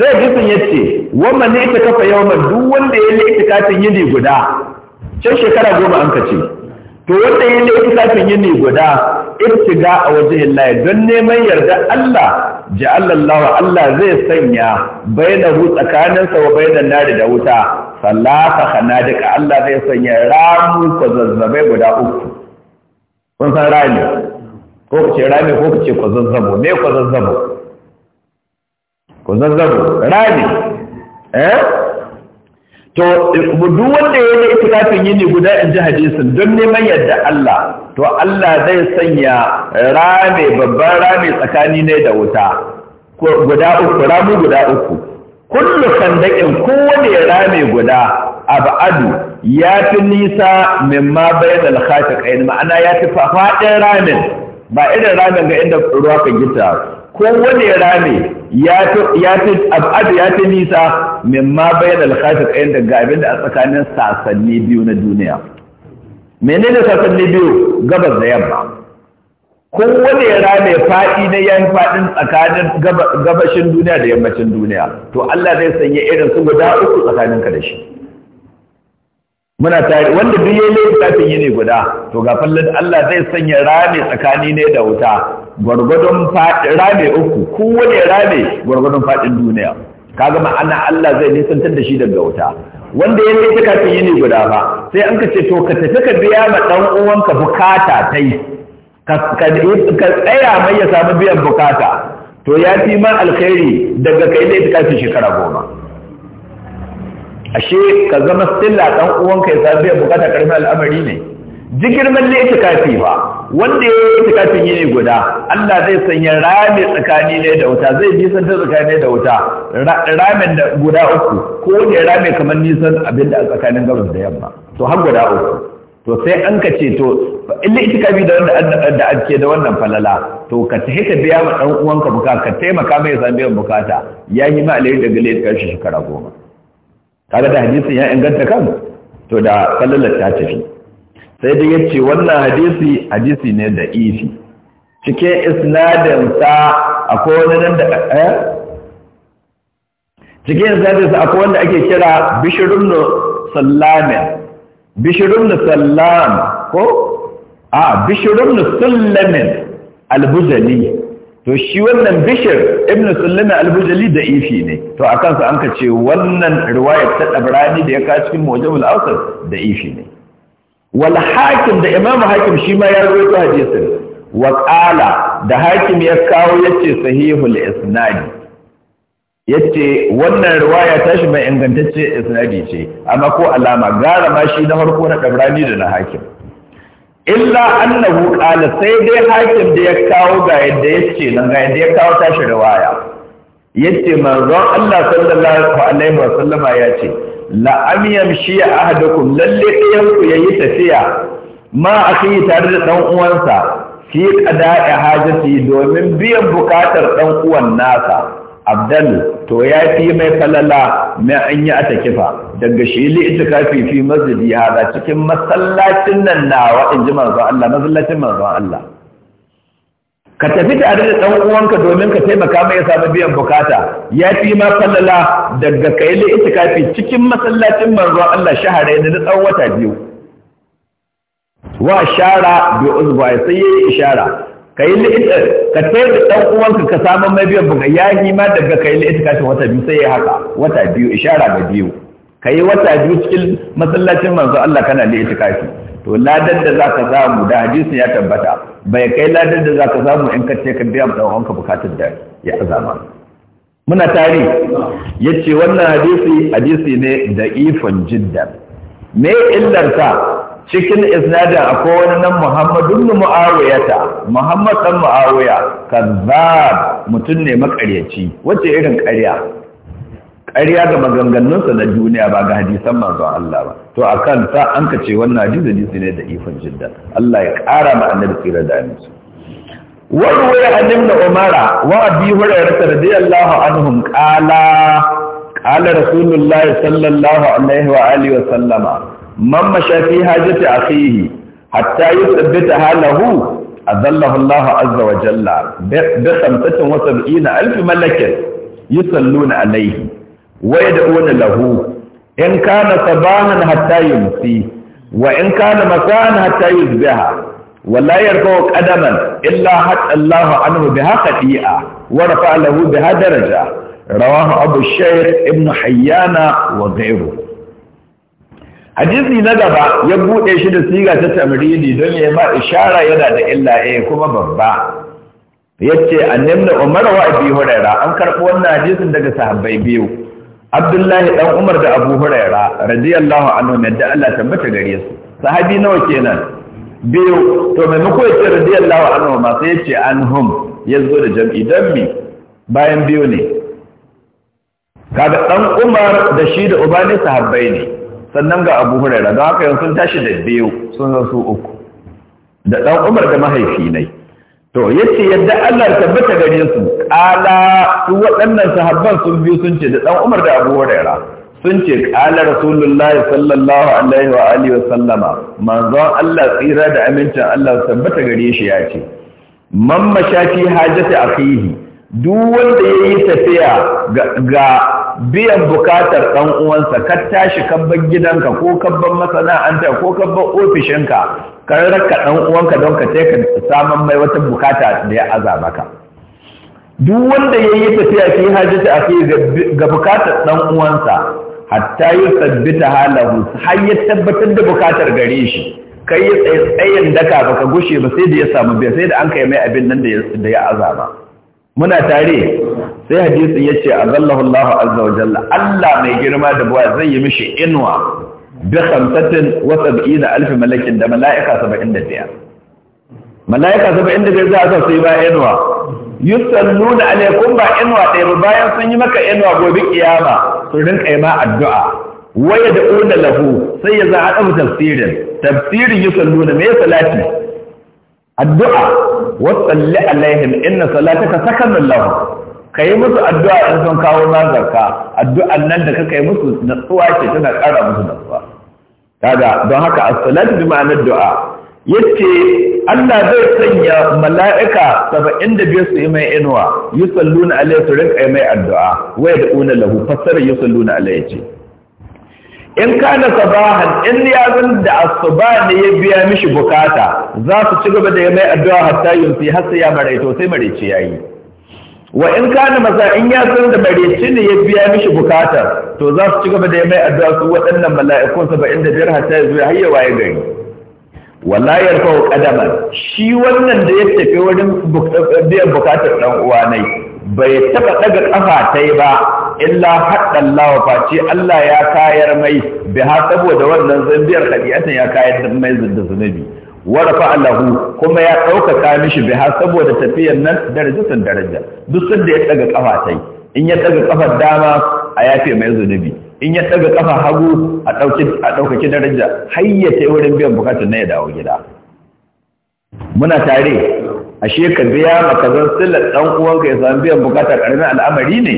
sai hadisin ya ce wannan ita kafa yawan duk wanda ya laita kafin yini guda can shekara goma an ka ce to wanda ya laita kafin yini guda ibtiga a wajen Allah don neman yarda Allah ja'alallahu Allah zai sanya bainahu tsakaninsa wa bainan nari da wuta salata khanadika Allah zai sanya ramu ko zazzabai guda uku kun san rami ko ce rami ko kace ko zazzabo me ko zazzabo ko zazzabo rami eh to duk wanda ya yi itikafin yini guda in ji hadisin don neman yadda Allah to Allah zai sanya rame babban rame tsakani ne da wuta guda uku ramu guda uku kullu sandakin kowane ya rame guda abadu ya fi nisa mimma bayan alkhata ma'ana ya fi faɗin ramin ba irin ramin ga inda ruwa ka gita kowane rami ya fi abadu ya fi nisa mimma bayan alkhafif ɗayan daga abin da a tsakanin sasanni biyu na duniya menene sasanni biyu gabas da yamma kowane rami faɗi na yan faɗin tsakanin gabashin duniya da yammacin duniya to Allah zai sanya irin su guda uku tsakaninka da shi muna tare wanda duk yayi yi ne guda to ga fallan Allah zai sanya rami tsakani ne da wuta gwargwadon rami uku wani rami gwargwadon fadin duniya kaga ma'ana Allah zai nisantar da shi daga wuta wanda ya yi kafin yini guda fa sai an ka ce to ka tafi ka biya ma dan uwanka bukata tai ka tsaya mai ya samu biyan bukata to ya fi man alkhairi daga kai da kafin shekara goma ashe ka zama stilla dan uwanka ya sabiya bukata karfi al'amari ne jigirman ne kafi ba wanda ya yi yi yini guda Allah zai sanya rami tsakani ne da wuta zai nisan ta tsakani da wuta ramin da guda uku ko ne rami kamar nisan abin da a tsakanin gabas da yamma to har guda uku to sai an ka ce to illa itikafi da wanda da ake da wannan falala to ka tafi ka biya ma dan uwanka buka ka taimaka mai zambiyan biyan ya yi ma da gale ya shi shekara goma kaga da hadisi ya inganta kan to da sallalar ta tafi sai dai yace wannan hadisi hadisi ne da ifi cike isnadin sa akwai wani nan da eh? cike isnadin sa akwai wanda ake kira bishrun sallamin bishirun da sallam ko a ah, bishirun da sallamin albuzali to shi wannan bishir ibn sullama al-bujali da ifi ne to a kansa an ka ce wannan riwayar ta dabrani da ya ka cikin mujamul awsat da ifi ne wal hakim da imam hakim shi ma ya rawaito hadisin wa qala da hakim ya kawo yace sahihul isnadi yace wannan riwaya ta shi mai ingantacce isnadi ce amma ko alama gara ma shi na farko na dabrani da na hakim illa annahu qala sai dai hakim da ya kawo ga yadda yace nan ga yadda ya kawo tashi riwaya yace manzon Allah sallallahu alaihi wa ya yace la am yamshi ahadukum lalle ɗayan ku yayi tafiya ma akhi tare da dan uwansa fi qada'i hajati domin biyan bukatar dan uwan nasa abdal to ya fi mai falala mai an yi ata kifa daga shi li itikafi fi masjidi hada cikin masallacin nan nawa in ji manzo Allah masallacin manzo Allah ka tafi tare da ɗan uwanka domin ka taimaka mai ya samu biyan bukata ya fi ma falala daga kai li itikafi cikin masallacin manzo Allah shahara ne na tsawon wata biyu wa shara bi uzba sai yayi ishara ka yi li'ita ka tayar da ɗan uwanka ka samu mai biyan buga ya yi ma daga ka yi li'ita kashin wata biyu sai ya haka wata biyu ishara ga biyu ka yi wata biyu cikin masallacin manzo Allah kana li'ita kashi to ladan da zaka samu da hadisi ya tabbata bai kai ladan da zaka samu in ka ce ka biya ɗan uwanka bukatun da ya azama muna tare yace wannan hadisi hadisi ne da ifan jiddan me sa. cikin isnadin akwai wani nan Muawiya ta muhammad dan mu'awiya kazzab mutum ne makaryaci wace irin ƙarya ƙarya ga maganganun sa na duniya ba ga hadisan manzo Allah ba to akan ta an ka ce wannan hadisi hadisi ne da ifan jiddan Allah ya ƙara ma annabi tsira da ni wa ruwaya an ibn umara wa abi hurairah radiyallahu anhum qala qala rasulullahi sallallahu alaihi wa alihi wa sallama من مشى في حاجة أخيه حتى يثبتها له أذله الله عز وجل بخمسة وسبعين ألف ملكة يصلون عليه ويدعون له إن كان صباما حتى يمسي وإن كان مساء حتى يذبها ولا يرفع قدما إلا حتى الله عنه بها خطيئة ورفع له بها درجة رواه أبو الشيخ ابن حيان وغيره hadisi na gaba ya buɗe shi da siga ta tamridi don ya ma ishara yana da illa eh kuma babba Ya ce yace annabi Umar wa Abi huraira an karɓi wannan hadisin daga sahabbai biyu Abdullahi dan Umar da Abu huraira radiyallahu anhu ne da Allah tabbata gare su sahabi nawa kenan biyu to maimako ce radiyallahu anhu ma sai hum ya zo da jam'i Don mi bayan biyu ne kaga dan Umar da shi da uba ne sahabbai ne sannan ga abu hurera don haka yanzu sun tashi da biyu sun zan su uku da ɗan umar da mahaifi ne to yace yadda Allah tabbata gare su ƙala su waɗannan sahabban sun biyu sun ce da ɗan umar da abu hurera sun ce ƙala rasulullahi sallallahu alaihi wa alihi wa sallama manzon Allah tsira da amincin Allah tabbata gare shi ya ce man mashafi hajati akhihi duk wanda yayi tafiya ga biyan bukatar ɗan uwansa ka tashi kabban gidanka ko kabban masana'anta ko kabban ofishinka ka rarraka ɗan uwanka don ka ce ka saman mai wata bukata da ya aza maka duk wanda ya yi tafiya fi hajjata ta ake ga bukatar ɗan uwansa hatta yi sabbita halahu har ya tabbatar da bukatar gare shi kai yi tsayin daka baka gushe ba sai da ya samu biya sai da an kai mai abin nan da ya azaba. muna tare sai hadisin ya ce azallahu Allah azza wa jalla Allah mai girma da buwa zai yi mishi inuwa da samsatin wa sab'ina alf malakin da mala'ika saba'in da 75 mala'ika 75 za a sa sai ba inuwa nuna alaikum ba inuwa ɗaya ba bayan sun yi maka inuwa gobe kiyama su rinka yi ma addu'a waya da ƙuna lahu sai ya za a ɗafi tafsirin tafsirin yi salluna mai salati addu'a na alaihim inna salataka sakanun lahu kai musu addu'a in sun kawo nazarka addu'an nan da kai musu natsuwa ce tana kara musu natsuwa Daga don haka as-salatu bi ma'ana du'a yace Allah zai sanya mala'ika 75 su yi mai inuwa yusalluna alaihi su rinka mai addu'a wa yad'una lahu fasara yusalluna alaihi in kana sabahan in ya da asuba ne ya biya mishi bukata za su ci gaba da ya mai addu'a hatta yunsi har sai ya maraito sai maraice yayi wa in kana maza in ya da maraice ne ya biya mishi bukata to za su ci gaba da ya mai addu'a su waɗannan mala'ikun 75 hatta ya zo har ya waye gari wala yarfa'u qadama shi wannan da ya tafi wurin biyan bukatar dan uwa nai bai taba daga kafa ta yi ba illa lawa, face Allah ya kayar mai bi ha saboda wannan zambiyar ɗabi'atan ya kayar da mai da zunubi warafa Allahu kuma ya ɗaukaka mishi bi ha saboda tafiyar nan darajatan daraja duk sanda ya daga kafa ta yi in ya daga kafar dama a yafe mai zunubi in ya daga kafa hagu a ɗaukaki daraja har ya wurin biyan bukatun na ya dawo gida muna tare ashe ka biya maka zan silar ɗan uwanka ya samu biyan bukatar ƙaramin al'amari ne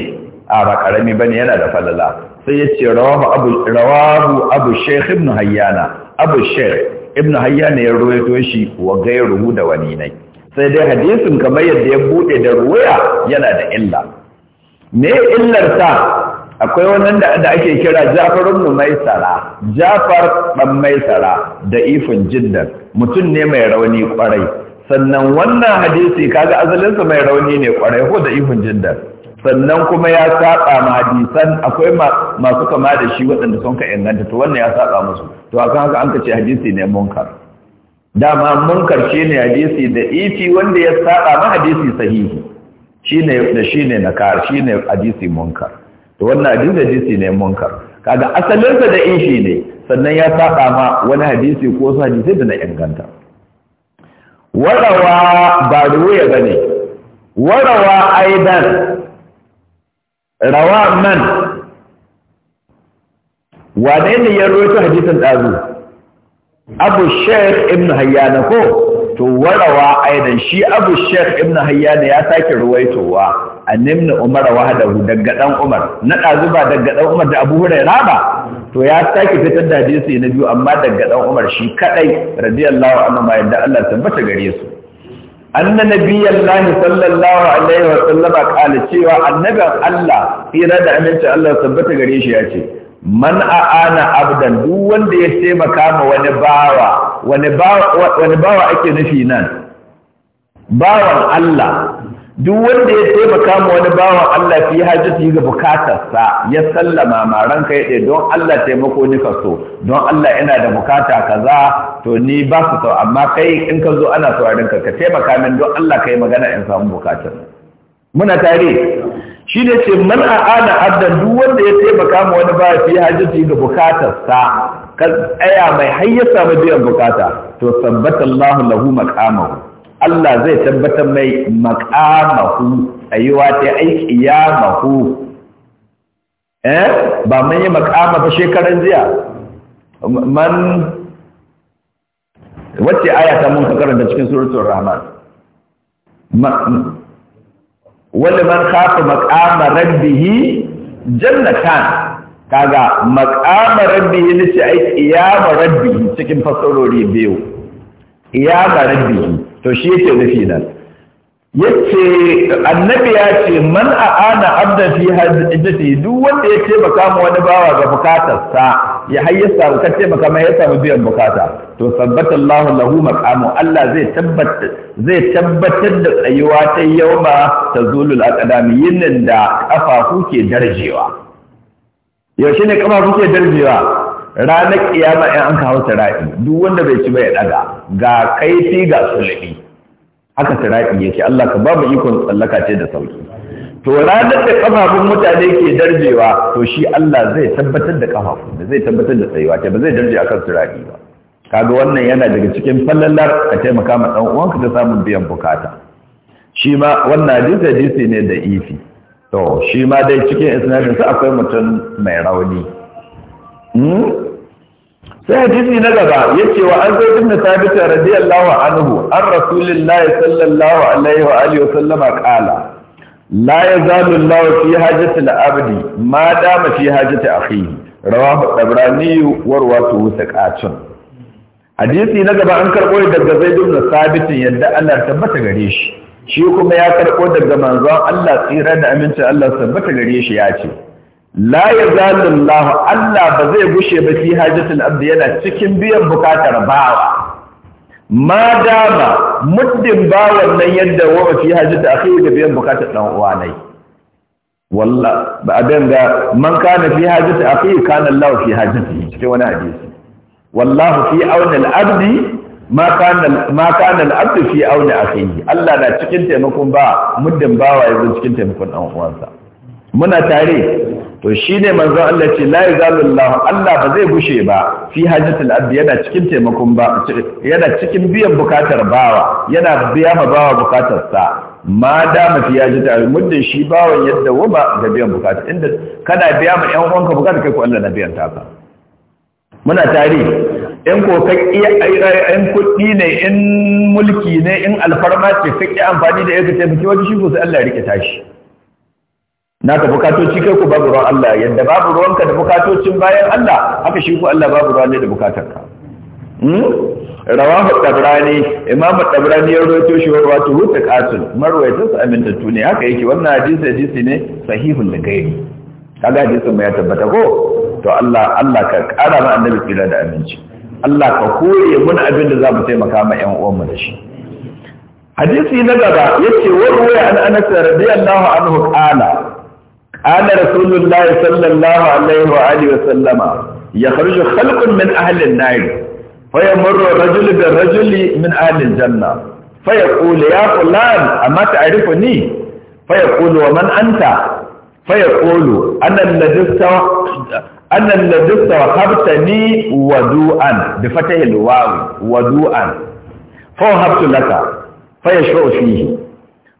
a ba ƙarami ba ne yana da falala sai ya ce rawahu abu sheikh ibn hayyana abu sheikh ibn hayyana ya ruwaito shi wa gairuhu da wani nai sai dai hadisin kamar yadda ya bude da ruwaya yana da illa me illar ta akwai wannan da da ake kira Jafar ibn Maisara Jafar dan Maisara da ifin jiddan mutum ne mai rauni kwarai sannan wannan hadisi kaga azalinsa mai rauni ne kwarai ko da ihun jindar sannan kuma ya saba ma hadisan akwai masu kama da shi waɗanda sun ka inganta to wannan ya saba musu to akan haka an kace hadisi ne munkar dama munkar shine hadisi da ifi wanda ya saba ma hadisi sahihi shine da shine Shi shine hadisi munkar to wannan hadisi hadisi ne munkar kaga asalinsa da ifi ne sannan ya saba ma wani hadisi ko wasu hadisi da na inganta warawa ba ruwaya ba ne warawa aidan rawa man wane ne ya rawaito hadisin ɗazu abu sheikh ibn na ko to warawa aidan shi abu sheikh ibn hayyana ya sake ruwaitowa a nimna umar wahadahu daga dan umar na ɗazu ba daga dan umar da abu hurairah ba to ya sake fitar da hadisi na biyu amma daga dan Umar shi kadai radiyallahu anhu ma yadda Allah tabbata gare su anna nabiyallahi sallallahu alaihi wa sallama kala cewa annaban Allah tsira da aminci Allah tabbata gare shi ya ce man aana abdan duk wanda ya taimaka ma wani bawa wani bawa wani bawa ake nufi nan bawan Allah duk wanda ya taimaka ma wani bawan Allah fi yi ga bukatarsa ya sallama ma ranka ya don Allah taimako ni ka so don Allah yana da bukata kaza to ni ba su sau amma kai in ka zo ana saurarin ka ka taimaka min don Allah kai magana in samu bukatar muna tare shi ne ce man a'ana addan duk wanda ya taimaka ma wani bawan fi yi ga bukatarsa ka tsaya mai har ya samu biyan bukata to sabbata lahu maqamahu Allah zai tabbatar mai makamahu wa ta aiki ya mahu eh ba mun yi makama ba shekaran jiya man wacce ayata mun ka karanta cikin surutun rahman Wani man kafa maqama rabbih jannatan kaga maqama rabbih ne ce ya ma rabbih cikin fasarori biyu qiyama rabbih to shi yake nufi nan yace annabi ya ce man a'ana abda fi hajjati duk wanda ya taimaka mu wani bawa ga bukatarsa ya hayyasa ka taimaka mai ya samu biyan bukata to sabbata Allah lahu maqamu Allah zai tabbata zai tabbatar da tsayuwa ta yauma zulu a yinin da kafafu ke darjewa yaushe ne kafafu ke darjewa ranar kiyama in an kawo tara'i duk wanda bai ci bai daga ga kaifi ga sulubi haka ya yake Allah ka ba mu ikon tsallaka ce da sauki to ranar da kafafun mutane ke darjewa to shi Allah zai tabbatar da kafafun da zai tabbatar da tsayuwa ta ba zai darje akan tara'i ba kaga wannan yana daga cikin fallalar a taimaka ma dan uwanka da samun biyan bukata shi ma wannan hadisi hadisi ne da ifi to shi ma dai cikin isnadin sa akwai mutum mai rauni Hmm? sai hadisi na gaba yace wa an zai ibn thabit radiyallahu anhu an rasulillahi sallallahu alaihi wa alihi wa sallama qala la yazalu Allah fi hajati al-abdi ma dama fi hajati akhihi rawahu tabrani wa rawatu saqatun hadisi na gaba an karbo daga zaid ibn thabit yadda Allah tabbata gare shi shi kuma ya karbo daga manzon Allah tsira da aminci Allah tabbata gare shi ya ce la ya zalillahu Allah ba zai gushe ba fi hajjatul abdi yana cikin biyan bukatar bawa ma dama muddin bawan nan yadda wa fi hajjatul akhi da biyan bukatar ɗan uwa nai ba abin ga man kana fi hajjatul akhi kana Allah fi hajjatihi cikin wani hadisi wallahu fi aunil abdi ma kana ma kana al abdu fi Allah na cikin taimakon ba muddin bawa yanzu cikin taimakon ɗan uwansa muna tare to shi ne manzan Allah ce la yazalullahu Allah ba zai gushe ba fi hajjatul abdi yana cikin taimakon ba yana cikin biyan bukatar bawa yana biya ma bawa bukatar sa ma da mafi ya ji tare muddin shi bawan yadda wama ga biyan bukata inda kana biya ma ƴan uwanka bukata kai ko Allah na biyan taka muna tare in ko ka iya in kuɗi ne in mulki ne in alfarma ce ka amfani da yake taimaki wani shi ko sai Allah ya rike tashi na ta bukatoci kai ku babu ruwan Allah yadda babu ruwanka da bukatocin bayan Allah haka shi ku Allah babu ruwan ne da bukatarka hmm? rawahu tabrani imamu tabrani ya rawaito shi wa wato hutu qatil marwayatu su amintattu ne haka yake wannan hadisi hadisi ne sahihul lagairi kaga hadisin mai tabbata ko to Allah Allah ka kara ma annabi tsira da aminci Allah ka kore mun abin da za mu taimaka ma ƴan uwanmu da shi hadisi na gaba yace wa ruwaya an Anas radiyallahu anhu qala قال رسول الله صلى الله عليه وآله وسلم يخرج خلق من أهل النار فيمر الرجل بالرجل من أهل الجنة فيقول يا فلان أما تعرفني فيقول ومن أنت فيقول أنا الذي أنا الذي استوهبتني ودوءا بفتح الواو ودوءا فوهبت لك فيشفع فيه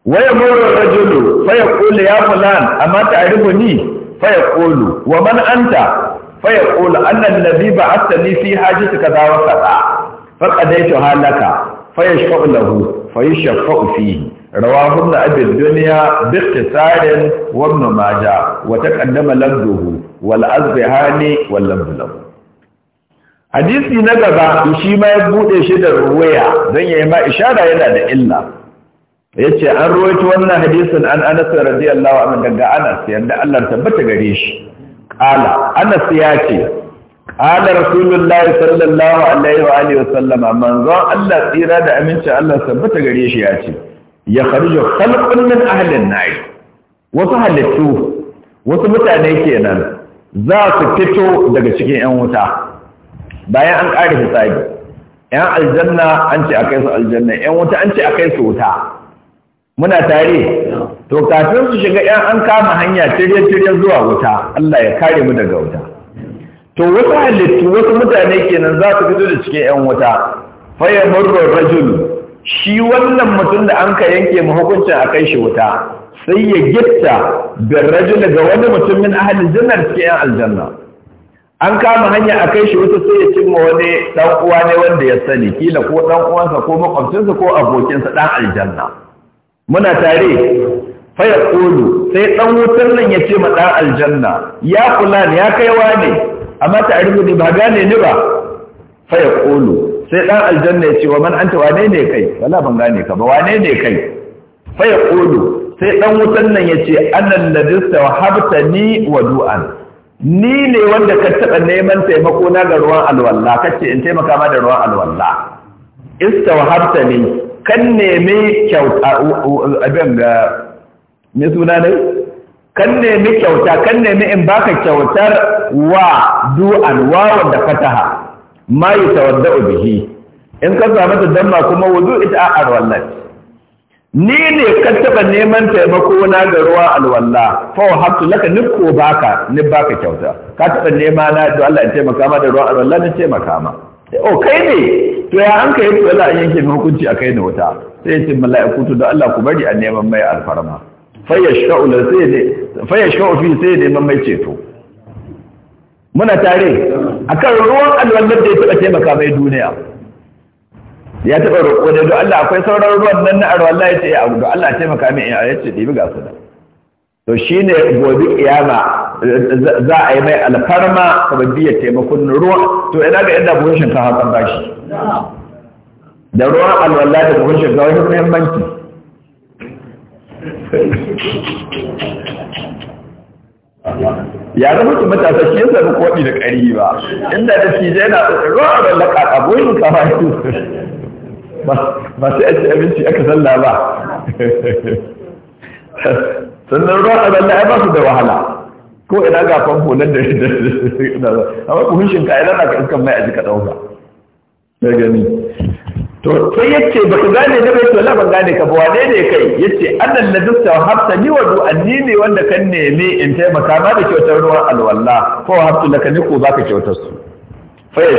waya mura rajulu fa yaqulu ya fulan amma ta'rifuni fa yaqulu wa man anta fa yaqulu anna alladhi ba'athani fi hajati kaza wa kaza fa qadaitu halaka fa yashfa'u lahu fa yashfa'u fihi رواه ابن أبي الدنيا باختصار وابن ماجه وتقدم لفظه والأزهاني hadisi na gaba shi ma ya buɗe shi da ruwaya don ya yi ma ishara yana da illa Ya ce an rawaito wannan hadisin an Anas radiyallahu anhu daga Anas yanda Allah tabbata gare shi qala Anas ce. qala Rasulullah sallallahu alaihi wa alihi wasallama manzo Allah tsira da aminci Allah tabbata gare shi ya ce. ya kharijo khalqun min ahli an-nar wasu halittu wasu mutane kenan za su fito daga cikin yan wuta bayan an ƙare hisabi yan aljanna an ce akai su aljanna yan wuta an ce akai su wuta muna tare to kafin su shiga yan an kama hanya tirye-tirye zuwa wuta Allah ya kare mu daga wuta to wasu halittu wasu mutane kenan za su fito da cikin yan wuta fayar rajul shi wannan mutum da an ka yanke mu hukuncin a kai shi wuta sai ya gitta bin rajul ga wani mutum min ahalin jannar cikin yan aljanna an kama hanya a kai shi wuta sai ya cimma wani dan uwa ne wanda ya sani kila ko dan uwansa ko makwabcinsa ko abokinsa dan aljanna muna tare faya kolu sai ɗan wutar nan ya ce ma ɗan aljanna ya kula ne ya kaiwa ne amma ta a ne ba gane ni ba faya kolu sai ɗan aljanna ya ce wa man anta wane ne kai wala ban gane ka ba wane ne kai faya kolu sai ɗan wutar nan ya ce annan da dista wa habta ni wa du'an ni ne wanda ka taɓa neman taimako na ga ruwan alwalla kace in taimaka ma da ruwan alwalla istawhabtani kan nemi kyauta abin da ne suna ne kan neme kyauta kan neme in baka kyautar wa du'an wawan da fataha ma yi tawadda bihi in ka samu da damma kuma wudu ita a arwallat ni ne ka taba neman taimako na ga ruwa alwalla fa hatta laka niko baka ni baka kyauta ka taba nema na to Allah ya taimaka ma da ruwa alwalla ni taimaka ma o oh, kai ne to ya an kai to an yanke mai hukunci a kai ne wuta sai ya ce mala'iku to Allah ku bari a neman mai alfarma fa yashfa'u la sai ne fa neman mai ceto muna tare akan ruwan alwallar da ya taɓa taimaka mai duniya ya taba roƙo don Allah akwai sauran ruwan nan na alwallar ya ce ya abu don Allah taimaka mai ya ce bi ga su da to shine gobe kiyama za a yi mai alfarma sababiyar taimakon ruwa to ina ga inda buhun shinkafa kan bashi da ruwan alwala da buhun shinkafa wani muhimmanci ya rubuta matasa shi yasa ba kwaɗi da ƙari ba inda da shi zai na ruwan alwala ƙaƙa buhun shinkafa ba sai a ci abinci aka sallah ba sannan ruwan azalla ya ba su da wahala ko ina ga famfo nan da ina amma ku hishin ka ina ka iskan mai aji ka ɗauka. da gani to sai yace baka gane da bai to ban gane ka ba wane ne kai yace annal ladista hafta ni wa ni ne wanda kan nemi in taimaka ma da kyautar ruwan alwalla ko haftu laka ni ko baka kyautar su fa ya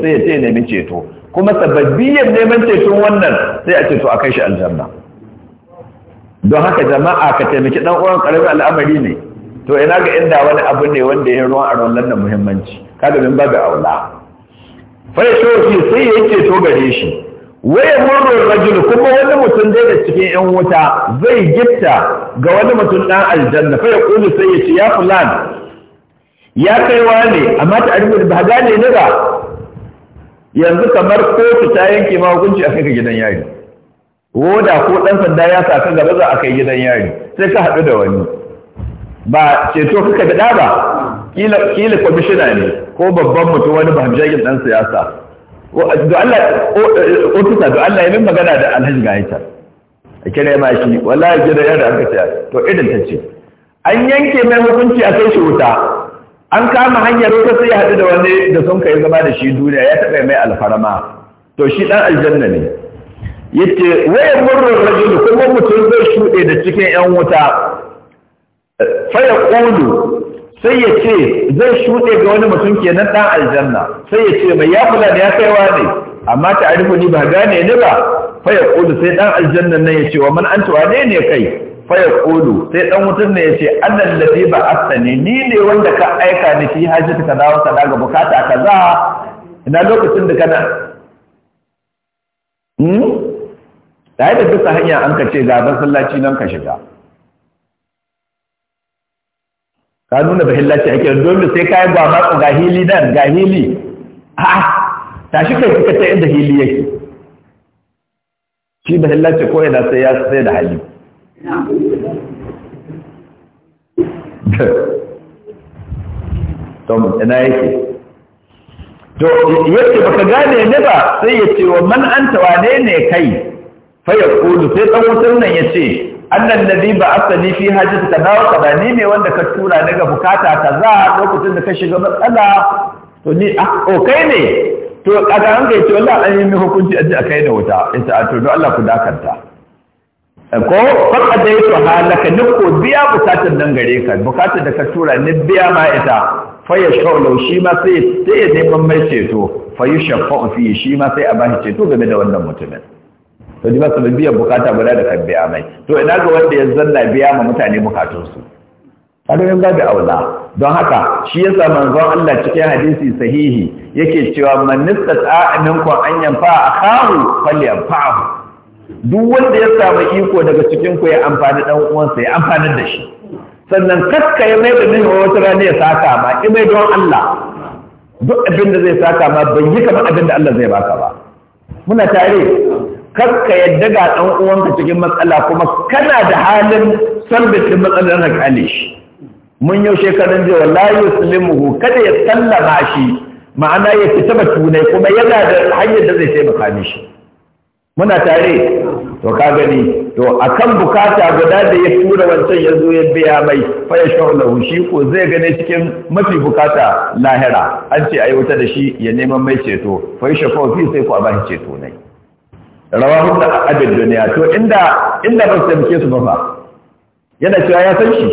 sai ya ce nemi ceto kuma sababbiyan neman ceton wannan sai a ce to a kai shi aljanna don haka jama'a ka taimaki dan uwan karami al'amari ne to ina ga inda wani abu ne wanda ya ruwan a ranar da muhimmanci kada min babu aula fa ya shi sai yake to gare shi waye murnar rajul kuma wani mutum da yake cikin yan wuta zai gitta ga wani mutum dan aljanna fa ya sai ya ce ya fulan ya kai wani amma ta arbi ba gane ne ba yanzu kamar kotu ta yanke ma hukunci a kai gidan yari woda ko ɗan sanda ya sa ka gaba za a kai gidan yari sai ka haɗu da wani ba ceto kuka da ba kila kwamishina ne ko babban mutum wani ba hamshagin ɗan siyasa Do Allah eh, ofisa da Allah ya min magana da alhaji ga haita a kira ma shi wallahi gidan yadda an ce to idan ta ce an yanke mai hukunci a kai shi wuta an kama hanyar wuta sai ya haɗu da wani da sun kai zama da shi duniya ya taɓa mai alfarma to shi ɗan aljanna ne yace waya murrun rajul kuma mutum zai shuɗe da cikin yan wuta fa yaqulu sai ya ce zai shuɗe ga wani mutum kenan ɗan aljanna sai ya ce mai ya kula da ya kaiwa ne amma ta arifu ni ba gane ni ba fa ya sai dan aljanna nan ya ce wa man an tuwa ne kai fa ya sai ɗan mutum ne ya ce annan lafi ba ne ni ne wanda ka aika ni fi hajji ta kaza wata daga bukata kaza ina lokacin da kana hmm? tare da duka hanya an ka ce ga masallaci nan ka shiga ka nuna bahillaci ake dole sai ka yi ba ga hili nan ga hili a tashi kai kika ta inda hili yake shi bahillaci ko ina sai ya sai da hali to ina yake to yake baka gane ne ba sai ya ce wa man anta wane ne kai fayar kudu sai ɗan wutar nan ya ce annan nabi ba asali fi hajjata ka dawo ka ni ne wanda ka tura daga bukata za lokacin da ka shiga matsala to ni ah o kai ne to kaga an kai wallahi an yi hukunci a a kai da wuta in ta to don Allah ku dakanta ko faqad daitu halaka niko biya bukatar nan gare ka bukatar da ka tura ni biya ma ita faya yashau shi ma sai sai ya neman mai ceto fa yashau fi shi ma sai a bashi ceto game da wannan mutumin to ji ba biyan bukata ba da kan biya mai to ina ga wanda ya zanna biya ma mutane bukatunsu kada yan babu aula don haka shi ya yasa manzon Allah cikin hadisi sahihi yake cewa man nistata minkum an yanfa akahu falyanfa'hu duk wanda ya samu iko daga cikin ku ya amfani dan uwansa ya amfani da shi sannan kaska ya mai da min wata rana ya saka ma imai don Allah duk abin da zai saka ma ban yi kamar abin da Allah zai baka ba muna tare kakka yadda ga ɗan uwanka cikin matsala kuma kana da halin sanbitin matsalar na kale shi mun yau shekarun jiya wallahi ku kada ya sallama shi ma'ana ya fita tunai kuma yana da hanyar da zai taimaka mishi muna tare to ka gani to akan bukata guda da ya tura wancan ya zo ya biya mai faya ya shaulahu shi ko zai gane cikin mafi bukata lahira an ce ayi wuta da shi ya neman mai ceto fa ya shafa fi sai ku a bashi ceto nai. rawahu da abin duniya to inda inda ba su taimake su ba fa yana cewa ya san shi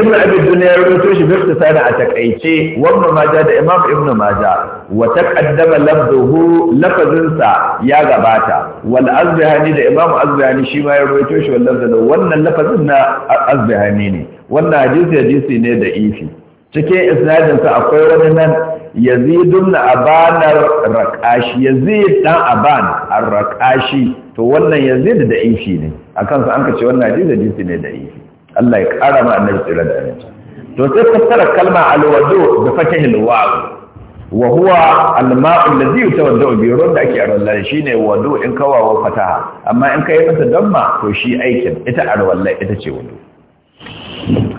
ibnu abin duniya ya rubuto shi bi iktisari a takaice wannan maja da imam ibnu maja wa taqaddama lafzuhu lafazinsa ya gabata wal azbahani da imam azbahani shi ma ya rubuto shi wannan da wannan lafazin na azbahani ne wannan hadisi hadisi ne da ifi cikin isnadinsa akwai wani nan yazidun abanar rakashi yazid dan aban ar-rakashi to wannan yazid da ifi ne akan sa an ce wannan hadisi da jinsi ne da ifi Allah ya kara ma annabi tsira da annabi to sai fassara kalma al da fatahil waw wa huwa al-ma'u alladhi yatawaddau bi ruwan da ake shi ne wadu in kawawa fataha amma in kai masa damma to shi aikin ita arwalla ita ce wudu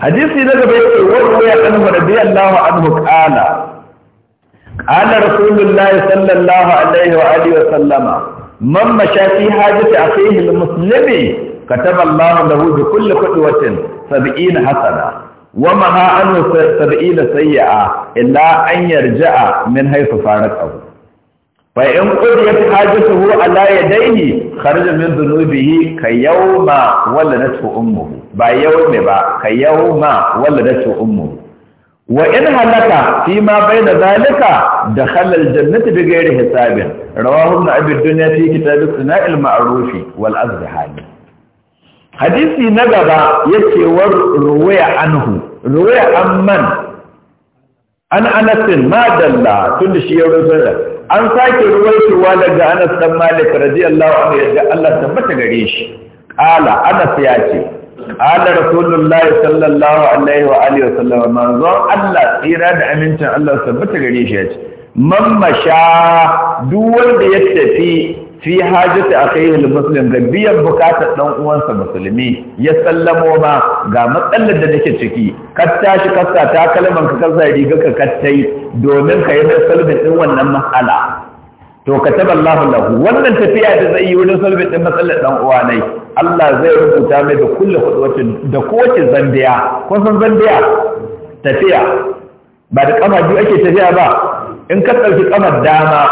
hadisi na gaba yake wa ya anhu radiyallahu anhu qala قال رسول الله صلى الله عليه وآله وسلم من مشى في حاجة أخيه المسلم كتب الله له بكل خطوة سبعين حسنة ومها عنه سبعين سيئة إلا أن يرجع من حيث فارقه فإن قضيت حاجته على يديه خرج من ذنوبه كيوم ولدته أمه با يوم با كيوم ولدته أمه wa in halaka fi ma baina zalika dakhala aljannata bighairi hisabin rawahu ibn abi dunya fi kitab as-sana' al-ma'ruf wal azhani hadisi na gaba yace war ruwaya anhu ruwaya amman an anas ma dalla tunda shi ya rubuta an sake ruwaitowa daga anas dan malik radiyallahu anhu yadda Allah tabbata gare shi qala anas yace qala rasulullahi sallallahu alaihi wa alihi wasallam manzon Allah tsira da amincin Allah tabbata gare shi yace man masha duk wanda ya tafi fi hajjata a kai muslim ga biyan bukatar ɗan uwansa musulmi ya sallamo ma ga matsalar da nake ciki ka tashi kasta ta ka kasa riga ka kattai domin ka yi mai salbin ɗin wannan matsala to ka kataballahu lahu wannan tafiya da zai yi wurin sulbin din matsalar dan uwa nai, Allah zai rubuta mai da kullu hudwatin da kowace zambiya ko san zambiya tafiya ba da kama biyu ake tafiya ba in ka dauki kama dama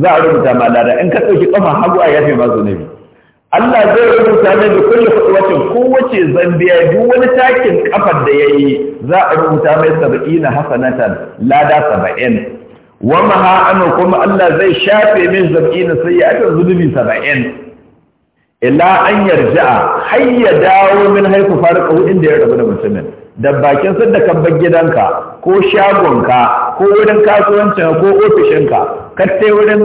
za a rubuta ma lada in ka dauki kama hagu a yafe ma zunubi Allah zai rubuta mai da kullu hudwatin kowace zambiya duk wani takin kafar da yayi za a rubuta mai 70 hasanatan lada 70 wa maha anu kuma Allah zai shafe min zab'ina sayyi'atan zunubi saba'in? Ila an yarja'a har ya dawo min haiku farqahu inda ya rabu da mutumin da bakin sa da kabbar gidanka ko shagonka ko wurin kasuwancinka ko ofishinka ka wurin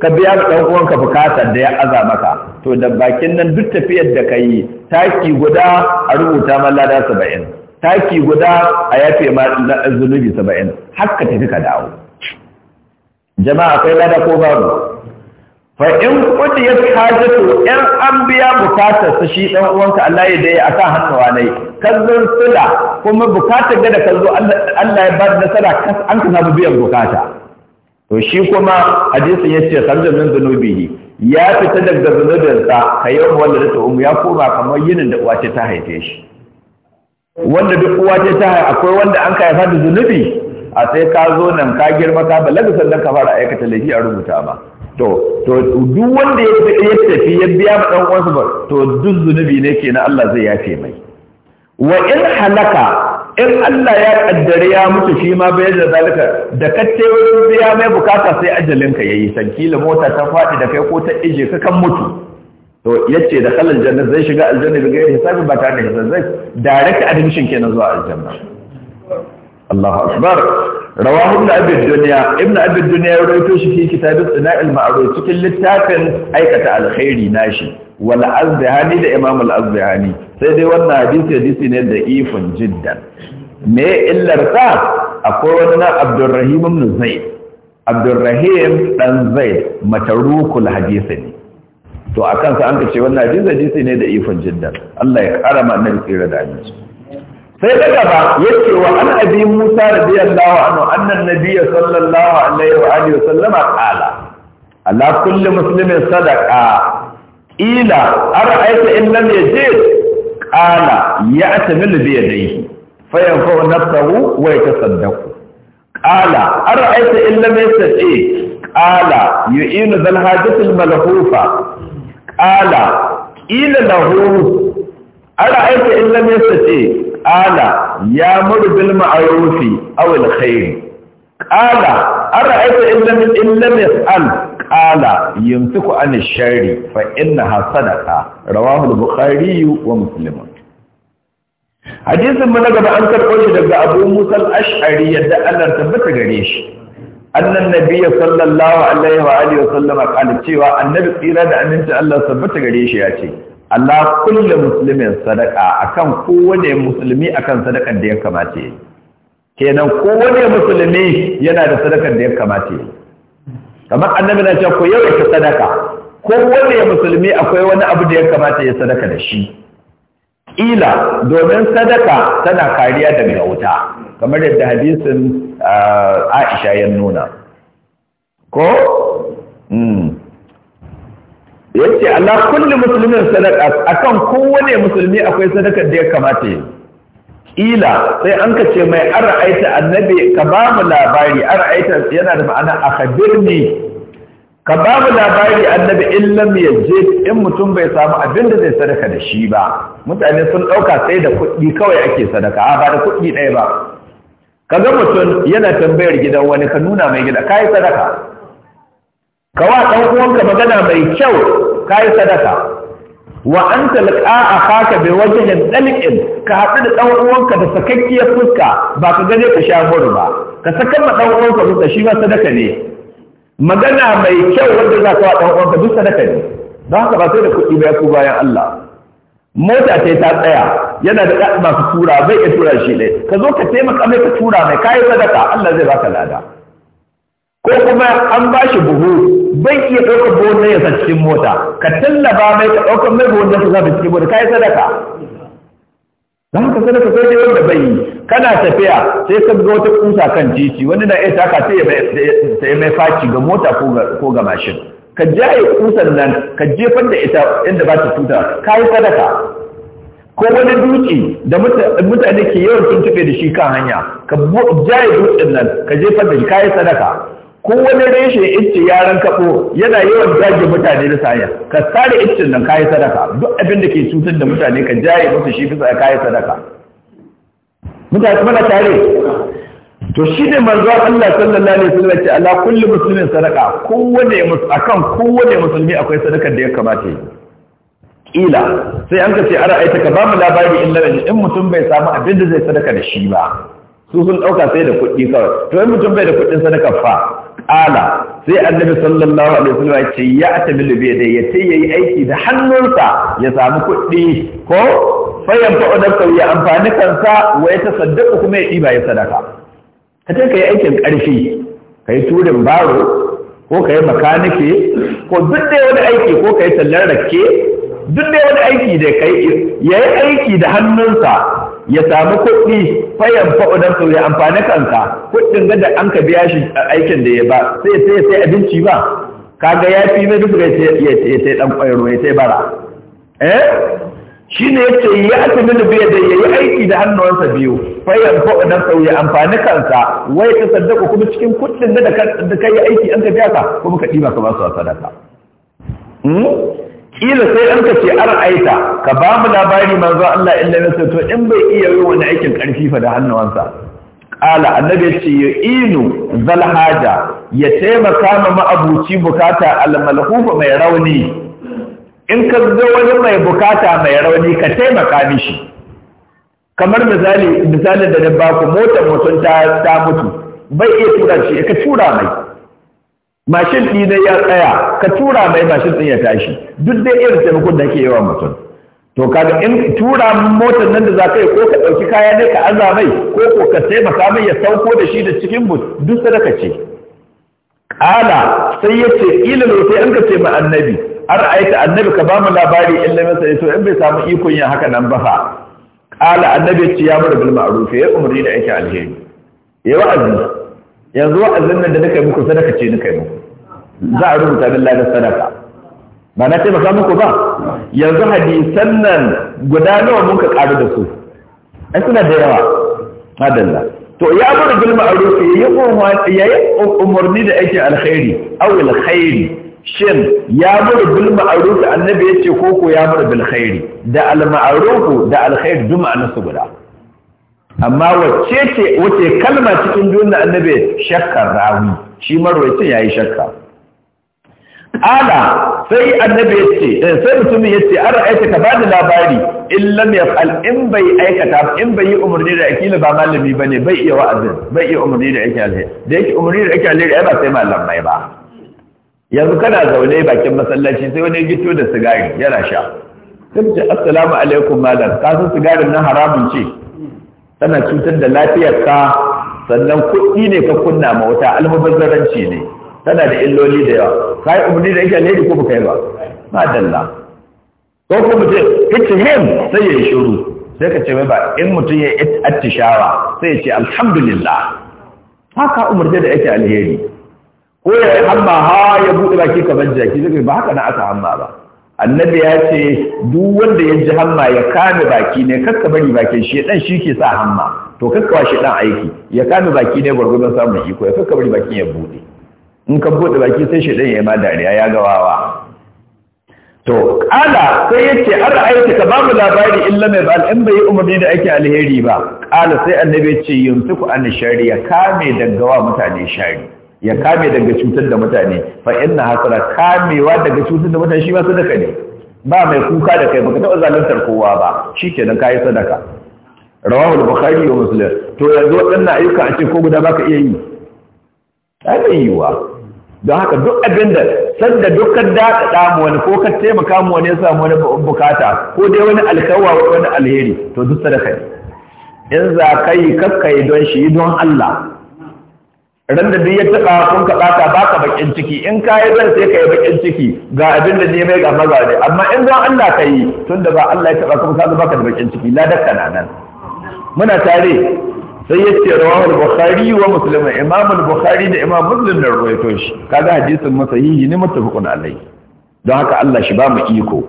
ka biya da ɗan'uwanka uwanka bukatar da ya aza maka to da bakin nan duk tafiyar da ka yi taki guda a rubuta ma lada saba'in taki guda a yafe ma zunubi saba'in haka tafi ka dawo jama'a akwai lada ko babu fa in kudi ya hajatu in an biya bukatar su shi dan uwanka Allah ya dai akan hannuwa ne kallon sula kuma bukatar da ka Allah ya ba da nasara kas an ka samu biyan bukata to shi kuma hadisin yace zunubi zunubihi ya fita daga zunubinsa ka kayan wanda da umu ya koma kamar yinin da uwa ce ta haife shi wanda duk uwa ta haife akwai wanda an ka haifa da zunubi a sai ka zo nan ka girma ka lagu sannan ka fara aikata laifi a rubuta ba. to to duk wanda ya tafi ya biya ma dan uwansa ba to duk zunubi ne ke na Allah zai yafe mai wa in halaka in Allah ya kaddare ya mutu shi ma bai da zalika da kace wani biya mai bukata sai ajalin ka yayi sankila mota ta fadi da kai ko ta ije ka kan mutu to yace da kallan janna zai shiga aljanna bi gairi hisabi ba tare da hisabi zai direct admission kenan zuwa aljanna Allahu akbar rawahu ibn abi dunya ibn abi dunya ya rawaito shi cikin kitabin sana'il ma'ruf cikin littafin aikata alkhairi nashi wal azhani da imam al azhani sai dai wannan hadisi hadisi ne da ifin jiddan me illar sa akwai wani Abdurrahim ibn Zaid Abdurrahim dan Zaid ne to akan sa an ce wannan hadisi ne da ifan jiddan Allah ya karama annabi tsira da aminci sai da gaba yake wa an abi musa radiyallahu anhu annan nabiyyi sallallahu alaihi wa alihi wasallama qala ala kulli muslimin sadaqa ila ara'aita in lam yajid qala ya'tamil bi yadayhi fa yanfa'u nafsahu wa yatasaddaqu qala ara'aita in lam yastati qala yu'inu dhal hajatil malhufa qala ila lahu ara'aita in lam yastati Ƙala ya muru bil ma'rufi aw al khair qala ara'aita in lam in lam yas'al qala yumsiku an ash-shari fa ina sadaqa rawahu al-bukhari wa muslim hadisin mana gaba an karɓo shi daga Abu Musa al-Ash'ari yadda Allah tabbata gare shi annan nabiyya sallallahu alaihi wa alihi wa sallama qala cewa annabi tsira da aminta Allah tabbata gare shi ya ce Allah kulle musulmin sadaka akan kowane musulmi akan sadakar da ya kamata yi kenan kowane musulmi yana da sadakar da ya kamata yi kamar annabi na ce ku yawaita sadaka kowane musulmi akwai wani abu da ya kamata ya sadaka da shi ila domin sadaka tana kariya daga wuta kamar yadda hadisin ah, Aisha ya nuna ko mm yace Allah kulli muslimin sadaqa akan kowane musulmi akwai sadakar da ya kamata yi ila sai an ka ce mai ar'aita annabi ka ba mu labari ar'aita yana da ma'ana akhbirni ka ba mu labari annabi in lam yajid in mutum bai samu abin da zai sadaka da shi ba mutane sun dauka sai da kuɗi kawai ake sadaka ba da kuɗi ɗaya ba kaga mutum yana tambayar gidan wani ka nuna mai gida kai sadaka kawa ɗan uwanka magana mai kyau ka sadaka wa anta talqa akaka bi wajhin dalil ka hadu da dan uwanka da sakakkiyar fuska ba ka gane ka sha muru ba ka sakar ma dan uwanka da shi ma sadaka ne magana mai kyau wanda za ka wa uwanka duk sadaka ne ba ka ba sai da kuɗi ba ku bayan Allah mota ce ta tsaya yana da ɗaɗi masu tura bai ya tura shi ne ka zo ka taimaka mai ka tura mai kai sadaka Allah zai baka lada ko kuma an bashi buhu bai iya ɗaukar buhun na ya cikin mota ka tallaba mai ka ɗaukar mai buhun nan ya cikin mota ka yi sadaka don haka sadaka sai dai wanda bai yi kana tafiya sai ka ga wata kusa kan titi wani na iya taka sai ya mai faci ga mota ko ga mashin ka jaye kusan nan ka jefar da ita inda ba ta tuta ka yi sadaka ko wani dutse da mutane ke yawan sun tafe da shi kan hanya ka jaye dutsen nan ka jefar da shi ka yi sadaka ko wani reshe icce yaran kafo yana yawan zage mutane da saya ka sare iccen nan kayi sadaka duk abin da ke cutar da mutane ka jaye musu shi bisa kayi sadaka mutane na tare to shi ne manzo Allah sallallahu alaihi wasallam ce ala kulli muslimin sadaka kowane akan kowane musulmi akwai sadakar da ya kamata yi ila sai an ka ce ara aita ka ba mu labari illa lalaji in mutum bai samu abin da zai sadaka da shi ba su sun dauka sai da kuɗi kawai to in mutum bai da kuɗin sadaka fa ƙala sai annabi sallallahu alaihi wasallam ya ce ya atabilu bi yadayya yayi aiki da hannunsa ya samu kuɗi ko fayan fa'u da kai ya amfani kansa wa ya tasaddaqa kuma ya diba ya sadaka ka ce kai aikin ƙarfi kai turin baro ko kai makanike ko duk da wani aiki ko kai tallar rake duk da wani aiki da kai yayi aiki da hannunsa ya samu kuɗi fayan fa'udan su ya amfani kanka kuɗin gada an ka biya shi a aikin da ya ba sai sai sai abinci ba kaga ya fi mai duk ya sai ɗan ƙwayaro ya sai bara eh shi ne yace ya aka da biya da ya yi aiki da hannuwansa biyu fayan fa'udan su ya amfani kanka wai ta saddaka kuma cikin kuɗin da ka yi aiki an ka biya ka kuma ka ɗiba ka ba su sadaka hmm? ila sai an ka ce aita, ka ba mu labari manzo Allah illa ya to in bai iya yi wani aikin karfi fa da hannuwansa qala annabi ce ya inu zal haja ya taimaka ma ma'abuci bukata al mai rauni in ka ga wani mai bukata mai rauni ka taimaka mishi kamar misali misalin da na ku motar mutum ta mutu bai iya tura shi ka tura mai mashin ɗina ya tsaya ka tura mai mashin ɗin ya tashi duk dai irin taimakon da ke yawa mutum to kaga in tura motar nan da za ka yi ko ka ɗauki kaya ne ka aza mai ko ko ka taimaka mai ya sauko da shi da cikin but duk ka ce ƙala sai ya ce ilil sai an ka ce ma annabi an aita annabi ka ba mu labari in lamin sai to in bai samu ikon yin haka nan ba fa ƙala annabi ya ce ya mura bil ma'ruf ya umarni da yake alheri ya wa'azi yanzu wa'azin nan da nika muku sadaka ce na kai muku za a rubuta min ladan sadaka ba na taimaka muku ba yanzu hadisan nan guda nawa mun ka karu da su ai suna da yawa madalla to ya bar bil ma'ruf ya yi umarni da aikin alkhairi aw alkhairi shin ya bar bil ma'ruf annabi yace ko ko ya bar bil khairi da al ma'ruf da alkhairi ma'anar su guda amma wacce ce wace kalma cikin duniya annabi shakkar rawi shi marwaicin yayi shakka ala sai annabi yace eh, sai mutumin yace ara aika ka bani labari in ya yaf'al in bai aikata in bai yi umarni da akila ba malami bane bai iya wa'azin bai iya umarni da yake alheri da yake umarni da yake alheri ai ba sai malamai ba yanzu kana zaune bakin masallaci sai wani gito da sigari yana sha sai ce assalamu alaikum malam ka san sigarin nan haramun ce tana cutar da lafiyarka sannan kuɗi ne ka kunna ma wuta almubazzaranci ne tana da illoli da yawa ka yi umarni da yake alheri ko baka yi ba ma dalla ko ko mutum kici him sai ya yi shiru sai ka ce mai ba in mutum ya yi attishawa sai ya ce alhamdulillah haka umarni da yake alheri ko ya yi hamma ha ya buɗe baki kamar jaki zai ba haka na aka hamma ba annabi ya ce duk wanda ya ji hamma ya kame baki ne kakka bari bakin shi dan shi ke sa hamma to kakka wa shi dan aiki ya kame baki ne gwargwadon samun iko ya kakka bari bakin ya bude in ka bude baki sai shi dan ya ma dariya ya gawawa to kala sai yace ar aiki ka babu labari illa mai ba in bai umarni da ake alheri ba kala sai annabi ya ce yuntuku an shari'a kame daggawa mutane shari'a ya kame daga cutar da mutane fa inna hasara kamewa daga cutar da mutane shi su sadaka ne ba mai kuka da kai baka taɓa zaluntar kowa ba shi ke nan kayi sadaka rawahu al-bukhari wa muslim to yanzu waɗannan ayyuka a ce ko guda baka iya yi ai yiwa don haka duk abin da sanda dukkan da ka mu wani ko ka taimaka mu wani ya samu wani bukata ko dai wani alkawa wani alheri to duk sadaka ne in za ka yi kakkai don shi don Allah ran da duk ya taɓa kun ka ɓata baka bakin ciki in ka yi zan sai ka yi bakin ciki ga abin da ne ga maza ne amma in zan Allah ka yi tun da ba Allah ya taɓa kuma ka baka da bakin ciki ladar na nan muna tare sai ya ce rawahu bukhari wa muslim imam bukhari da imam muslim da rawaito shi kaga hadisin masahihi ne muttafaqun alai don haka Allah shi ba mu iko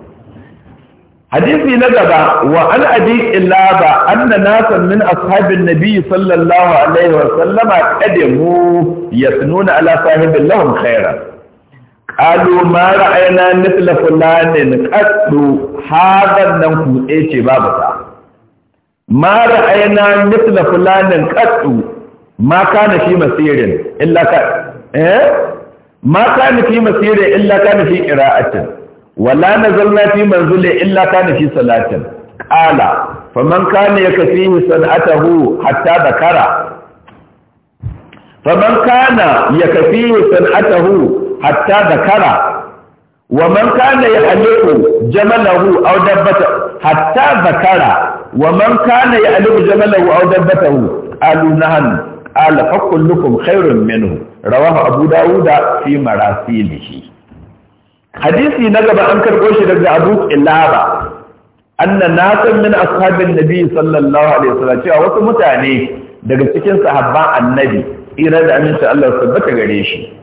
hadisi na gaba wa an abi illaba anna nasan min ashabin nabi sallallahu alaihi wa sallama qadamu yasnuna ala sahibin lahum khaira qalu ma ra'ayna mithla fulanin qaddu hadan nan kuɗe ce babu sa ma ra'ayna mithla fulanin qaddu ma kana fi masirin illa ka eh ma kana fi wala nazalna fi manzili illa kana fi salatin qala faman kana yakfihi sanatahu hatta dakara faman kana yakfihi sanatahu hatta dakara ومن كان يألف جمله أو دبته حتى ذكر ومن كان يألف جمله أو دبته قالوا نهن قال فكلكم خير منه رواه أبو داود في مراسيله hadisi na gaba an karɓo shi daga abu ilaba na san min ashabin nabi sallallahu alaihi wasallam cewa wasu mutane daga cikin sahabban annabi ira da aminci Allah tabbata gare shi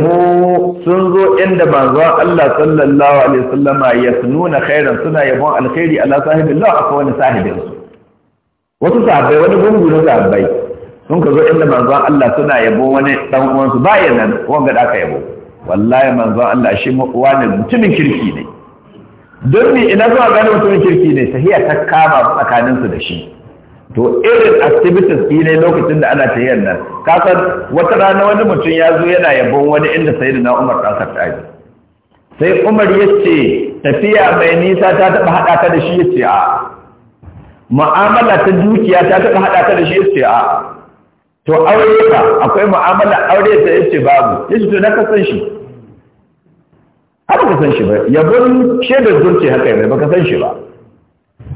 mu sun zo inda manzo Allah sallallahu alaihi wasallam ya sununa khairan suna yabon alkhairi ala Allah akwai wani sahibin wasu sahabbai wani gungu na sahabbai sun ka zo inda manzo Allah suna yabon wani dan uwansu bayan nan wanga da aka yabo wallahi manzon Allah shi ne mutumin kirki ne don ni ina zuwa gane mutumin kirki ne sahiya ta kama tsakaninsu da shi to irin activities ɗi ne lokacin da ana tahiyar nan kasan wata rana wani mutum ya zo yana yabon wani inda sai da na umar ɗansar sai umar ya ce tafiya mai nisa ta taɓa haɗa ka da shi ya ce a mu'amala ta dukiya ta taɓa haɗa ka da shi ya ce a to aure ba akwai mu'amala aure ta yace babu yace to na kasan shi har ka san shi ba yabon da haka ne baka san shi ba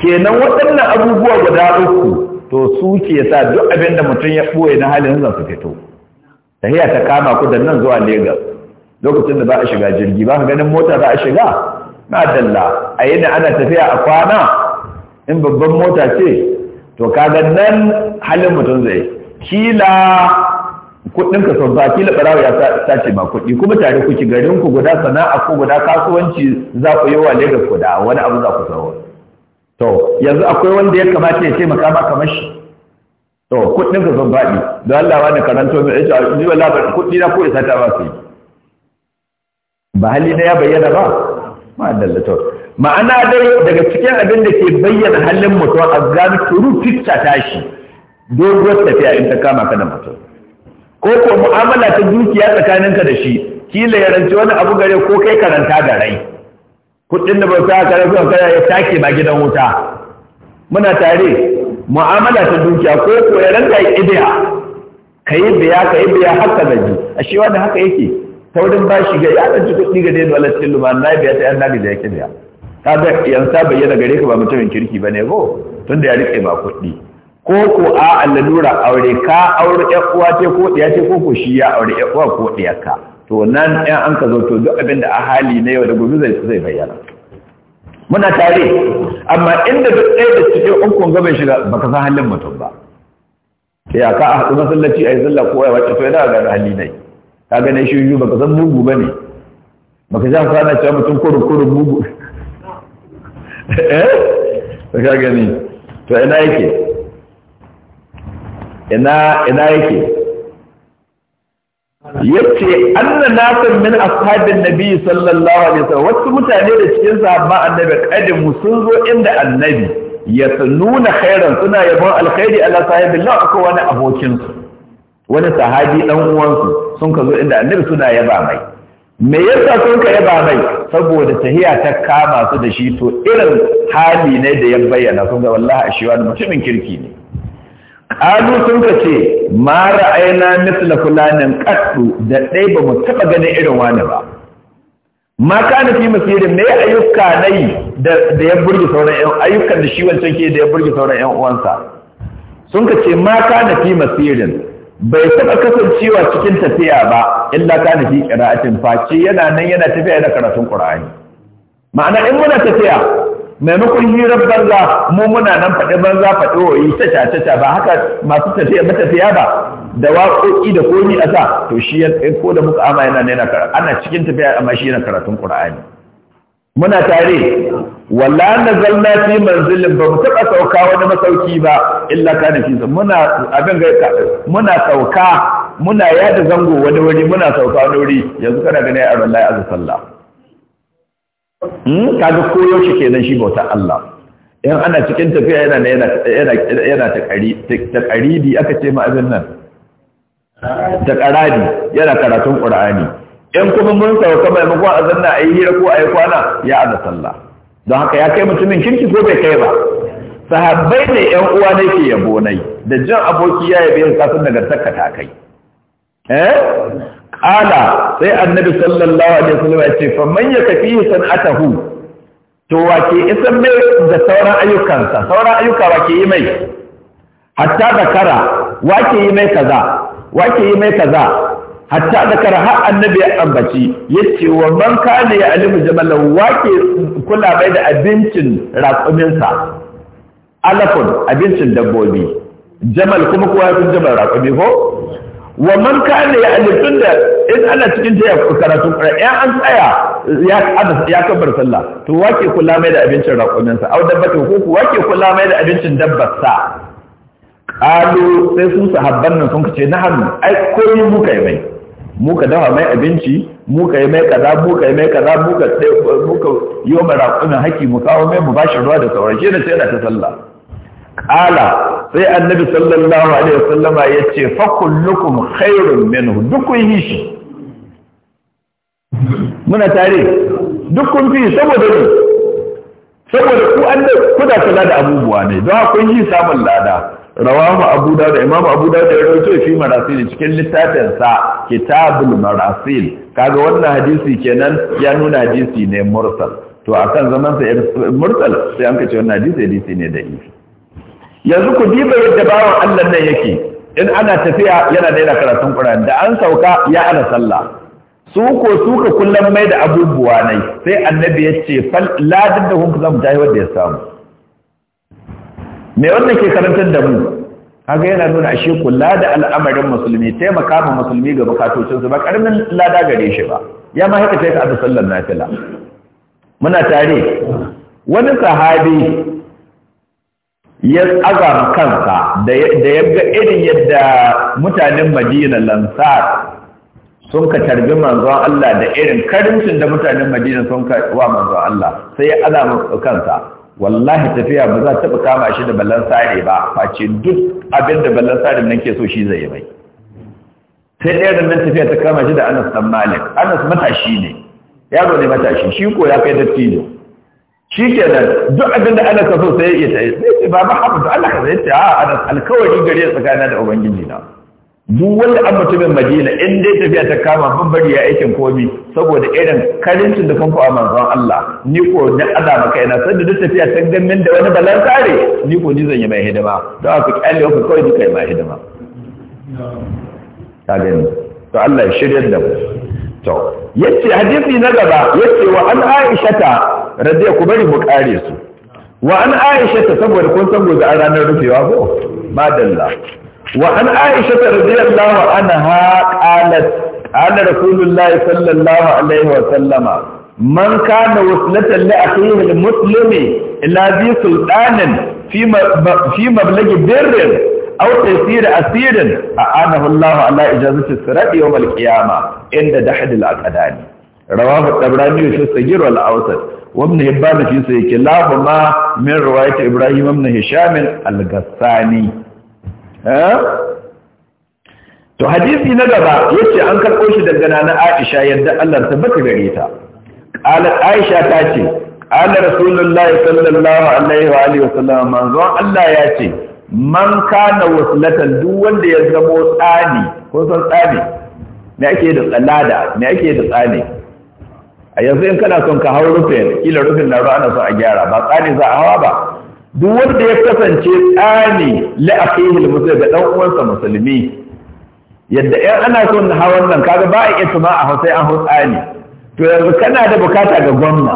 kenan waɗannan abubuwa guda uku to su ke sa duk abin da mutum ya ɓoye na halin zan su fito tahiya ta kama ku nan zuwa Legas lokacin da za a shiga jirgi ba ka ganin mota za a shiga na dalla a yi ana tafiya a kwana in babban mota ce to ka ga nan halin mutum zai kila kudin ka sun kila barawa ya sace ma kuɗi kuma tare kuke garin ku guda sana'a ko guda kasuwanci za ku yi wa Lagos da wani abu za ku sawo to yanzu akwai wanda ya kamata ya taimaka ma kamar shi to kudin ka sun baɗi don Allah wani karanto mai ita ni wala ba kuɗi na ko isa ta ba su yi ba hali na ya bayyana ba ma dalla to ma'ana dai daga cikin abin da ke bayyana halin mutum a gano turu fitta tashi doguwar tafiya in ta kama ka da mutum ko ko mu'amala ta dukiya tsakaninka da shi kila ya ranci wani abu gare ko kai karanta da rai kuɗin da ba sa ka rafi kare ya take ba gidan wuta muna tare mu'amala ta dukiya ko ko ya ranta Ka kai biya kai biya haka da ji a shi wanda haka yake ba bashi ga ya ji kuɗi ga dai wala cikin lumana na biya ta yan nabi da yake biya kaga yansa bayyana gare ka ba mutumin kirki bane ko tunda ya rike ba kuɗi ko ko a lalura aure ka aure ƴan kuwa ce ko ɗiya ce ko ko shi ya aure ƴan uwa ko ɗiya ka to nan ɗan an ka zo to duk abin da a hali na yau da gobe zai zai bayyana muna tare amma inda duk ɗaya da cikin ukun gaban shiga baka san halin mutum ba sai aka a haɗu masallaci a yi sallah ko ya wace to yana ga hali nai ka gane shi ba baka san mugu ba ne baka san sana cewa mutum kurin kurin mugu eh ka gani to ina yake ina yake yace anna nasan min ashabin nabi sallallahu alaihi wasallam wasu mutane da cikin sahabba annabi kadimu sun zo inda annabi ya sanuna khairan suna yabon alkhairi ala sahibi la akwai wani abokin su wani sahabi dan uwansu sun ka zo inda annabi suna yaba mai me yasa sun ka yaba mai saboda tahiya ta kama su da shi to irin hali ne da ya bayyana sun ga wallahi ashiwa mutumin kirki ne kalu sun ka ce ma fulanin qattu da ɗai ba mu taɓa ganin irin wani ba ma kana masirin ne ayyuka nai da da ya burge sauran ‘yan ayyukan da shi wancan ke da ya burge sauran 'yan uwansa sun ka ce ma kana masirin bai taɓa kasancewa cikin tafiya ba illa ka nufi ƙira'atin face yana nan yana tafiya da karatun qur'ani ma'ana in muna tafiya maimakon hirar banza mu muna nan faɗi banza faɗi wa ta caca ba haka masu tafiya ba ba da waƙoƙi da komi a sa to shi ya ko da muka ama yana yana karatu ana cikin tafiya amma shi yana karatun ƙura'ani muna tare walla zalla fi manzilin ba mu taɓa sauka wani masauki ba illa kana fisa muna abin ga muna sauka muna yada zango wani wuri muna sauka wani wuri yanzu kana gani a wallahi a sallah Hmm? kaga koyo shi kenan shi bauta Allah in ana cikin tafiya yana yana ta ƙaribi aka ce ma abin nan ta ƙaradi yana karatun ƙur'ani in kuma mun sauka maimakon a zanna a yi hira ko a yi kwana ya da sallah don haka ya kai mutumin kirki ko bai kai ba sahabbai ne 'yan uwa ne ke yabo nai da jin aboki ya yabe ka san daga takka ta kai eh Ƙala sai annabi sallallahu alaihi wasallam ya ce fa man yakafi sanatahu to wake isan mai da sauran ayyukansa sauran ayyuka wake yi mai hatta zakara wake yi mai kaza wake yi mai kaza hatta zakara har annabi ya ambaci yace wa man kana ya alimu Jamal wake kula bai da abincin raƙuminsa alafun abincin dabbobi jamal kuma kowa ya san jamal raƙumi ko wa man kana ya alifin da in ana cikin ta karatu ya an tsaya ya kabar sallah to wake kula mai da abincin raƙuminsa au dabbatin kuku wake kula mai da abincin dabbarsa ƙalu sai sun sahabban nan sun kace na hannu ai komi muka yi mai muka dawa mai abinci muka yi mai kaza muka yi mai kaza muka muka yi wa raƙumin haƙi mu kawo mai mu bashi ruwa da sauran shi ne sai na ta sallah kala sai annabi sallallahu alaihi wasallama ya ce fa kullukum khairun minhu duk yi shi muna tare duk kun fi saboda ne saboda ku an da kula da abubuwa ne don kun yi samun lada rawahu abu da da imamu abu da ya rawaito fi marasil cikin littafin sa kitabul marasil kaga wannan hadisi kenan ya nuna hadisi ne mursal to akan zaman sa mursal sai an kace wannan hadisi hadisi ne da ifi yanzu ku diba yadda bawan Allah nan yake in ana tafiya yana daina karatun Qur'ani da an sauka ya ana sallah su ko suka kullum mai da abubuwa nai sai annabi ya ce fal dadda da ku zamu tafi wanda ya samu me wanda ke karantar da mu kaga yana nuna ashe kula da al'amarin musulmi taimaka ma musulmi ga bukatocin su ba karamin lada gare shi ba ya ma haka sai ka sallar nafila muna tare wani sahabi ya azama kansa da ya ga irin yadda mutanen madina lansar sun ka tarbi manzon Allah da irin karimcin da mutanen madina sun ka wa manzon Allah sai ya azama kansa wallahi tafiya ba za ta kama shi da ballan sare ba face duk abin da ballan sare nan ke so shi zai mai sai ɗaya da nan tafiya ta kama shi da Anas dan Malik Anas matashi ne yaro ne matashi shi ko ya kai dattijo shi ke nan duk abin da ana kaso sai ya yi sai ce ba ba haka to Allah ka zai ce a ana alkawari gare tsakana da ubangiji na duk wanda an mutumin Madina in dai tafiya ta kama ban bari ya aikin komi saboda irin karincin da kan a manzon Allah ni ko na ada maka ina sanda duk tafiya ta gamin da wani balan kare ni ko ni zan yi mai hidima don haka kyalle ku kawai duka kai mai hidima ta gani to Allah ya shirya da mu to yace hadisi na gaba yace wa an Aisha ta radiya ku bari mu kare su wa an aisha ta saboda kun san gobe an ranar rufewa ko madalla wa an aisha ta radiyallahu anha qalat qala rasulullahi sallallahu alaihi wa sallama man kana waslatan li akhihi almuslimi ila bi sultanin fi fi mablagi birrin aw tasir asirin a'anahu Allah ala ijazati sirati yawm alqiyama inda dahd alaqdani rawahu at-tabrani fi sajir al-awsat وابن هبان في سيكلاهما من رواية إبراهيم ابن هشام الغساني ها to hadisi na gaba yace an karɓo shi daga nana Aisha yadda Allah tabbata gare ta Aisha ta ce qala rasulullahi sallallahu alaihi wa alihi wasallam Allah ya ce man kana waslatan duk wanda ya zamo tsani me ake me ake da tsani a yanzu in kana son ka hau rufin kila rufin na ruwa ana son a gyara ba tsani za a hawa ba duk wanda ya kasance tsani la akhihil muslim ga dan uwansa musulmi yadda ɗan ana son na hawan nan kaga ba a iya tuma a hau sai an hau tsani to yanzu kana da bukata ga gwamna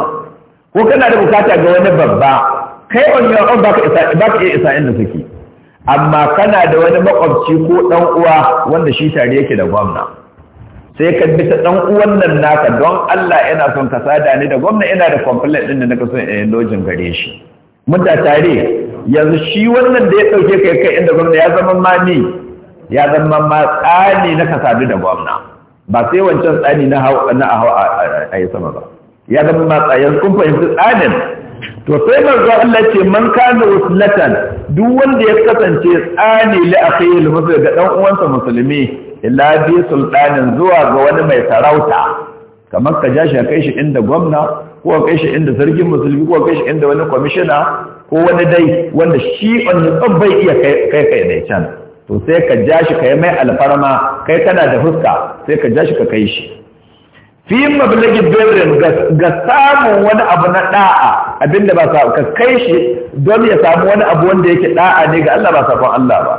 ko kana da bukata ga wani babba kai on ya on baka isa baka iya isa inda suke amma kana da wani makwabci ko dan uwa wanda shi tare yake da gwamna sai ka bi ta dan uwan nan naka don Allah yana son ka sada ni da gwamna yana da complaint din da naka son eh lojin gare shi mun da tare yanzu shi wannan da ya dauke kai kai inda gwamna ya zama mami ya zama ma tsani na ka sadu da gwamna ba sai wancan tsani na hau na hau a yi sama ba ya zama ma yanzu, kun fahimci tsanin to sai manzo Allah ce man kana waslatan duk wanda ya kasance tsani li akhihi muslim ga dan uwansa musulmi illa bi sultanin zuwa ga wani mai sarauta kamar ka ja shi kai shi inda gwamna ko kai shi inda sarkin musulmi ko kai shi inda wani kwamishina ko wani dai wanda shi wani the iya kai kai dai can to sai ka ja shi kai mai alfarma kai kana da fuska sai ka ja shi ka kai shi fi mablagi birrin ga samun wani abu na da'a abinda ba ka kai shi don ya samu wani abu wanda yake da'a ne ga Allah ba sakon Allah ba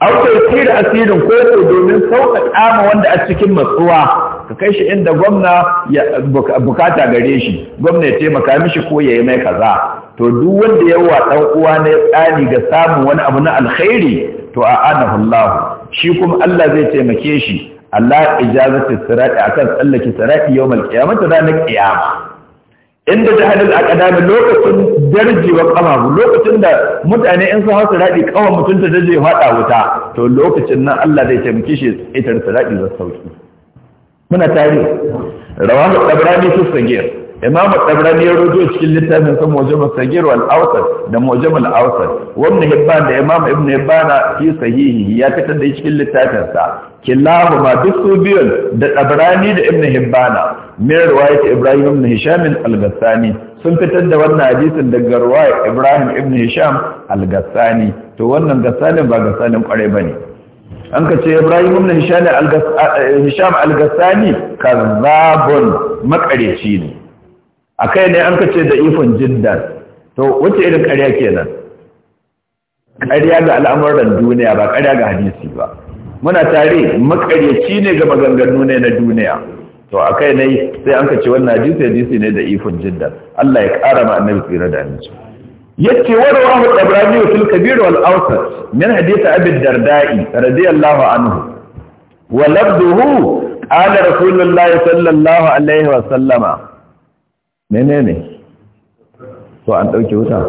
aukai da asirin ko ko domin sauƙaƙa ma wanda a cikin matsuwa ka kai shi inda gwamna ya bukata gare shi gwamna ya taimaka mishi ko ya yi mai kaza to duk wanda ya wa dan uwa ne tsani ga samun wani abu na alkhairi to a anahu Allah shi kuma Allah zai taimake shi Allah ijazatu sirati akan tsallake sirati yawmal qiyamah ranar kiyama. inda a aqdam lokacin darjiwa kafafu lokacin da mutane in su hausa radi kawan mutum ta daje fada wuta to lokacin nan Allah zai taimake shi itar su radi da sauki muna tare rawahu tabrani fi sagir imamu tabrani ya rujo cikin littafin sa mujam sagir wal awsat da mujam al awsat wannan hibban da imam ibn hibban fi sahihi ya fita da cikin littafin sa killahu ma duk biyun da tabrani da ibn Hibbana. min riwayat Ibrahim ibn Hisham al-Ghassani sun fitar da wannan hadisin daga riwayat Ibrahim ibn Hisham al-Ghassani to wannan Ghassani ba Ghassani kware bane an ka ce Ibrahim ibn Hisham eh, al-Ghassani kazzabun makareci ne akai ne an ka ce da ifon jiddan to wace irin ƙarya kenan ƙarya ga al'amuran duniya ba ƙarya ga hadisi ba muna tare makareci ne ga maganganu ne na duniya to a kai ne sai an kace wannan hadisi hadisi ne da ifin jidda Allah ya kara ma annabi tsira da aminci yace wa rawahu tabrani fil kabir wal awsat min hadith abi darda'i radiyallahu anhu wa labduhu qala rasulullahi sallallahu alaihi wa sallama menene to an dauke wuta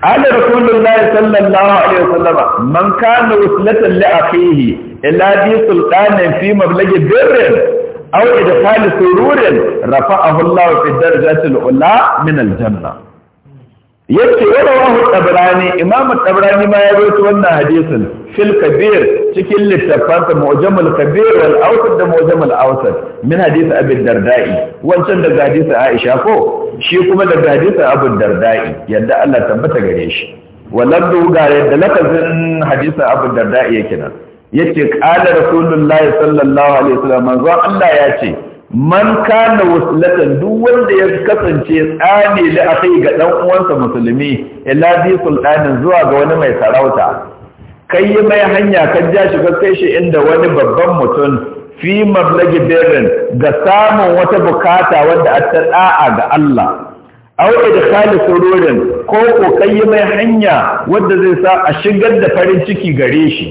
قال رسول الله صلى الله عليه وسلم من كان وسلة لأخيه إلا دي سلطان في مبلغ بر aw idkhal sururin rafa'ahu Allah fi darajati al-ula min al yace rawahu tabrani imam tabrani ma ya rawaito wannan hadisin fil kabir cikin littafansa mu'jam al-kabir wal awsat da mu'jam al-awsat min hadisi abi dardai wancan daga hadisi aisha ko shi kuma daga hadisi abu dardai yadda Allah tabbata gare shi walladdu ga yadda lakazin hadisi abu dardai yake nan yake qala rasulullahi sallallahu alaihi wasallam manzo Allah ya ce man kana waslatan duk wanda ya kasance tsane da akai ga dan uwansa musulmi illa bi sultanin zuwa ga wani mai sarauta kai yi mai hanya kan ja shi kai shi inda wani babban mutum fi mablagi birnin ga samun wata bukata wanda ta da'a ga Allah au idkhali sururin ko ko kai yi mai hanya wanda zai sa a shigar da farin ciki gare shi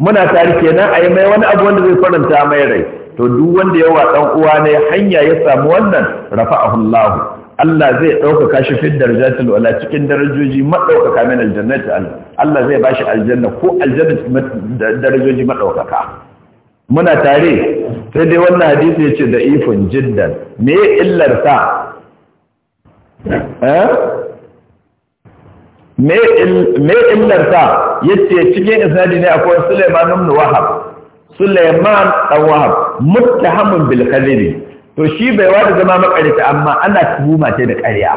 muna tare kenan a yi mai wani abu wanda zai faranta mai rai to duk wanda yawa dan uwa ne hanya ya samu wannan rafa'ahu Allah Allah zai ɗaukaka shi fi darajatul wala cikin darajoji maɗaukaka min aljannati Allah zai bashi aljanna ko aljanna darajoji maɗaukaka muna tare sai dai wannan hadisi yace da ifun jiddan me illar sa eh mai illarta ya cikin isnadi ne akwai Suleiman ibn Wahab Suleiman dan Wahab muttahamun bil kadhibi to shi bai wada zama makarita amma ana tuhuma ce da ƙarya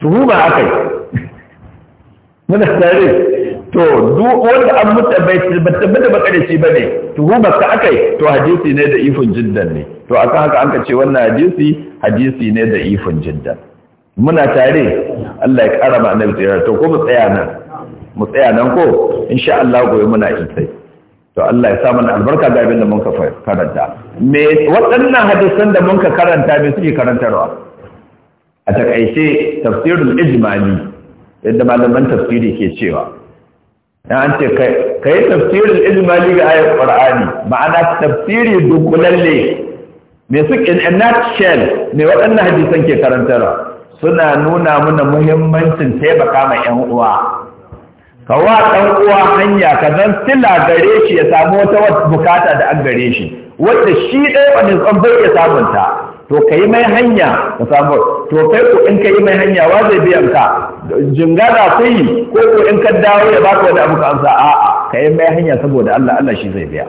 tuhuma akai mun tsare to duk wanda an mutu bai tabbata makarici bane tuhuma ka akai to hadisi ne da ifin jiddan ne to akan haka an ka ce wannan hadisi hadisi ne da ifin jiddan muna tare Allah ya ƙara ma annabi tsira to ko mu tsaya nan mu tsaya nan ko insha Allah gobe muna yin sai to Allah ya sa mana albarka ga abin da mun ka karanta me waɗannan hadisan da mun ka karanta me suke karantarwa a takaice tafsirul ijmali yadda malaman tafsiri ke cewa an ce kai tafsirul ijmali ga ayat qur'ani ma'ana tafsiri dukulalle me suke in a nutshell me waɗannan hadisan ke karantarwa suna nuna mana muhimmancin taimaka ma ‘yan uwa. Ka wa ɗan uwa hanya ka zan sila gare shi ya samu wata bukata da an gare shi, wadda shi ɗaya wani tsambar ya sabunta, to ka yi mai hanya ka samu, to kai ku in ka yi mai hanya wa zai biyan ka, jingana ku yi ko ku in ka dawo ya ka wani abu ka amsa a'a ka yi mai hanya saboda Allah Allah shi zai biya.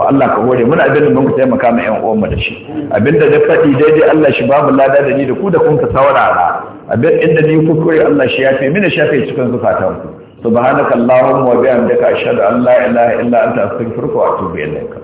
to Allah ka hore muna abin da muka taimaka ma ƴan uwanmu da shi abinda da faɗi daidai Allah shi babu lada da ni da ku da kun ka saurara abin inda ni kuskure Allah shi ya fi mini shafe cikin zukatan ku subhanaka allahumma wa bihamdika ashhadu an la ilaha illa anta astaghfiruka wa atubu ilaik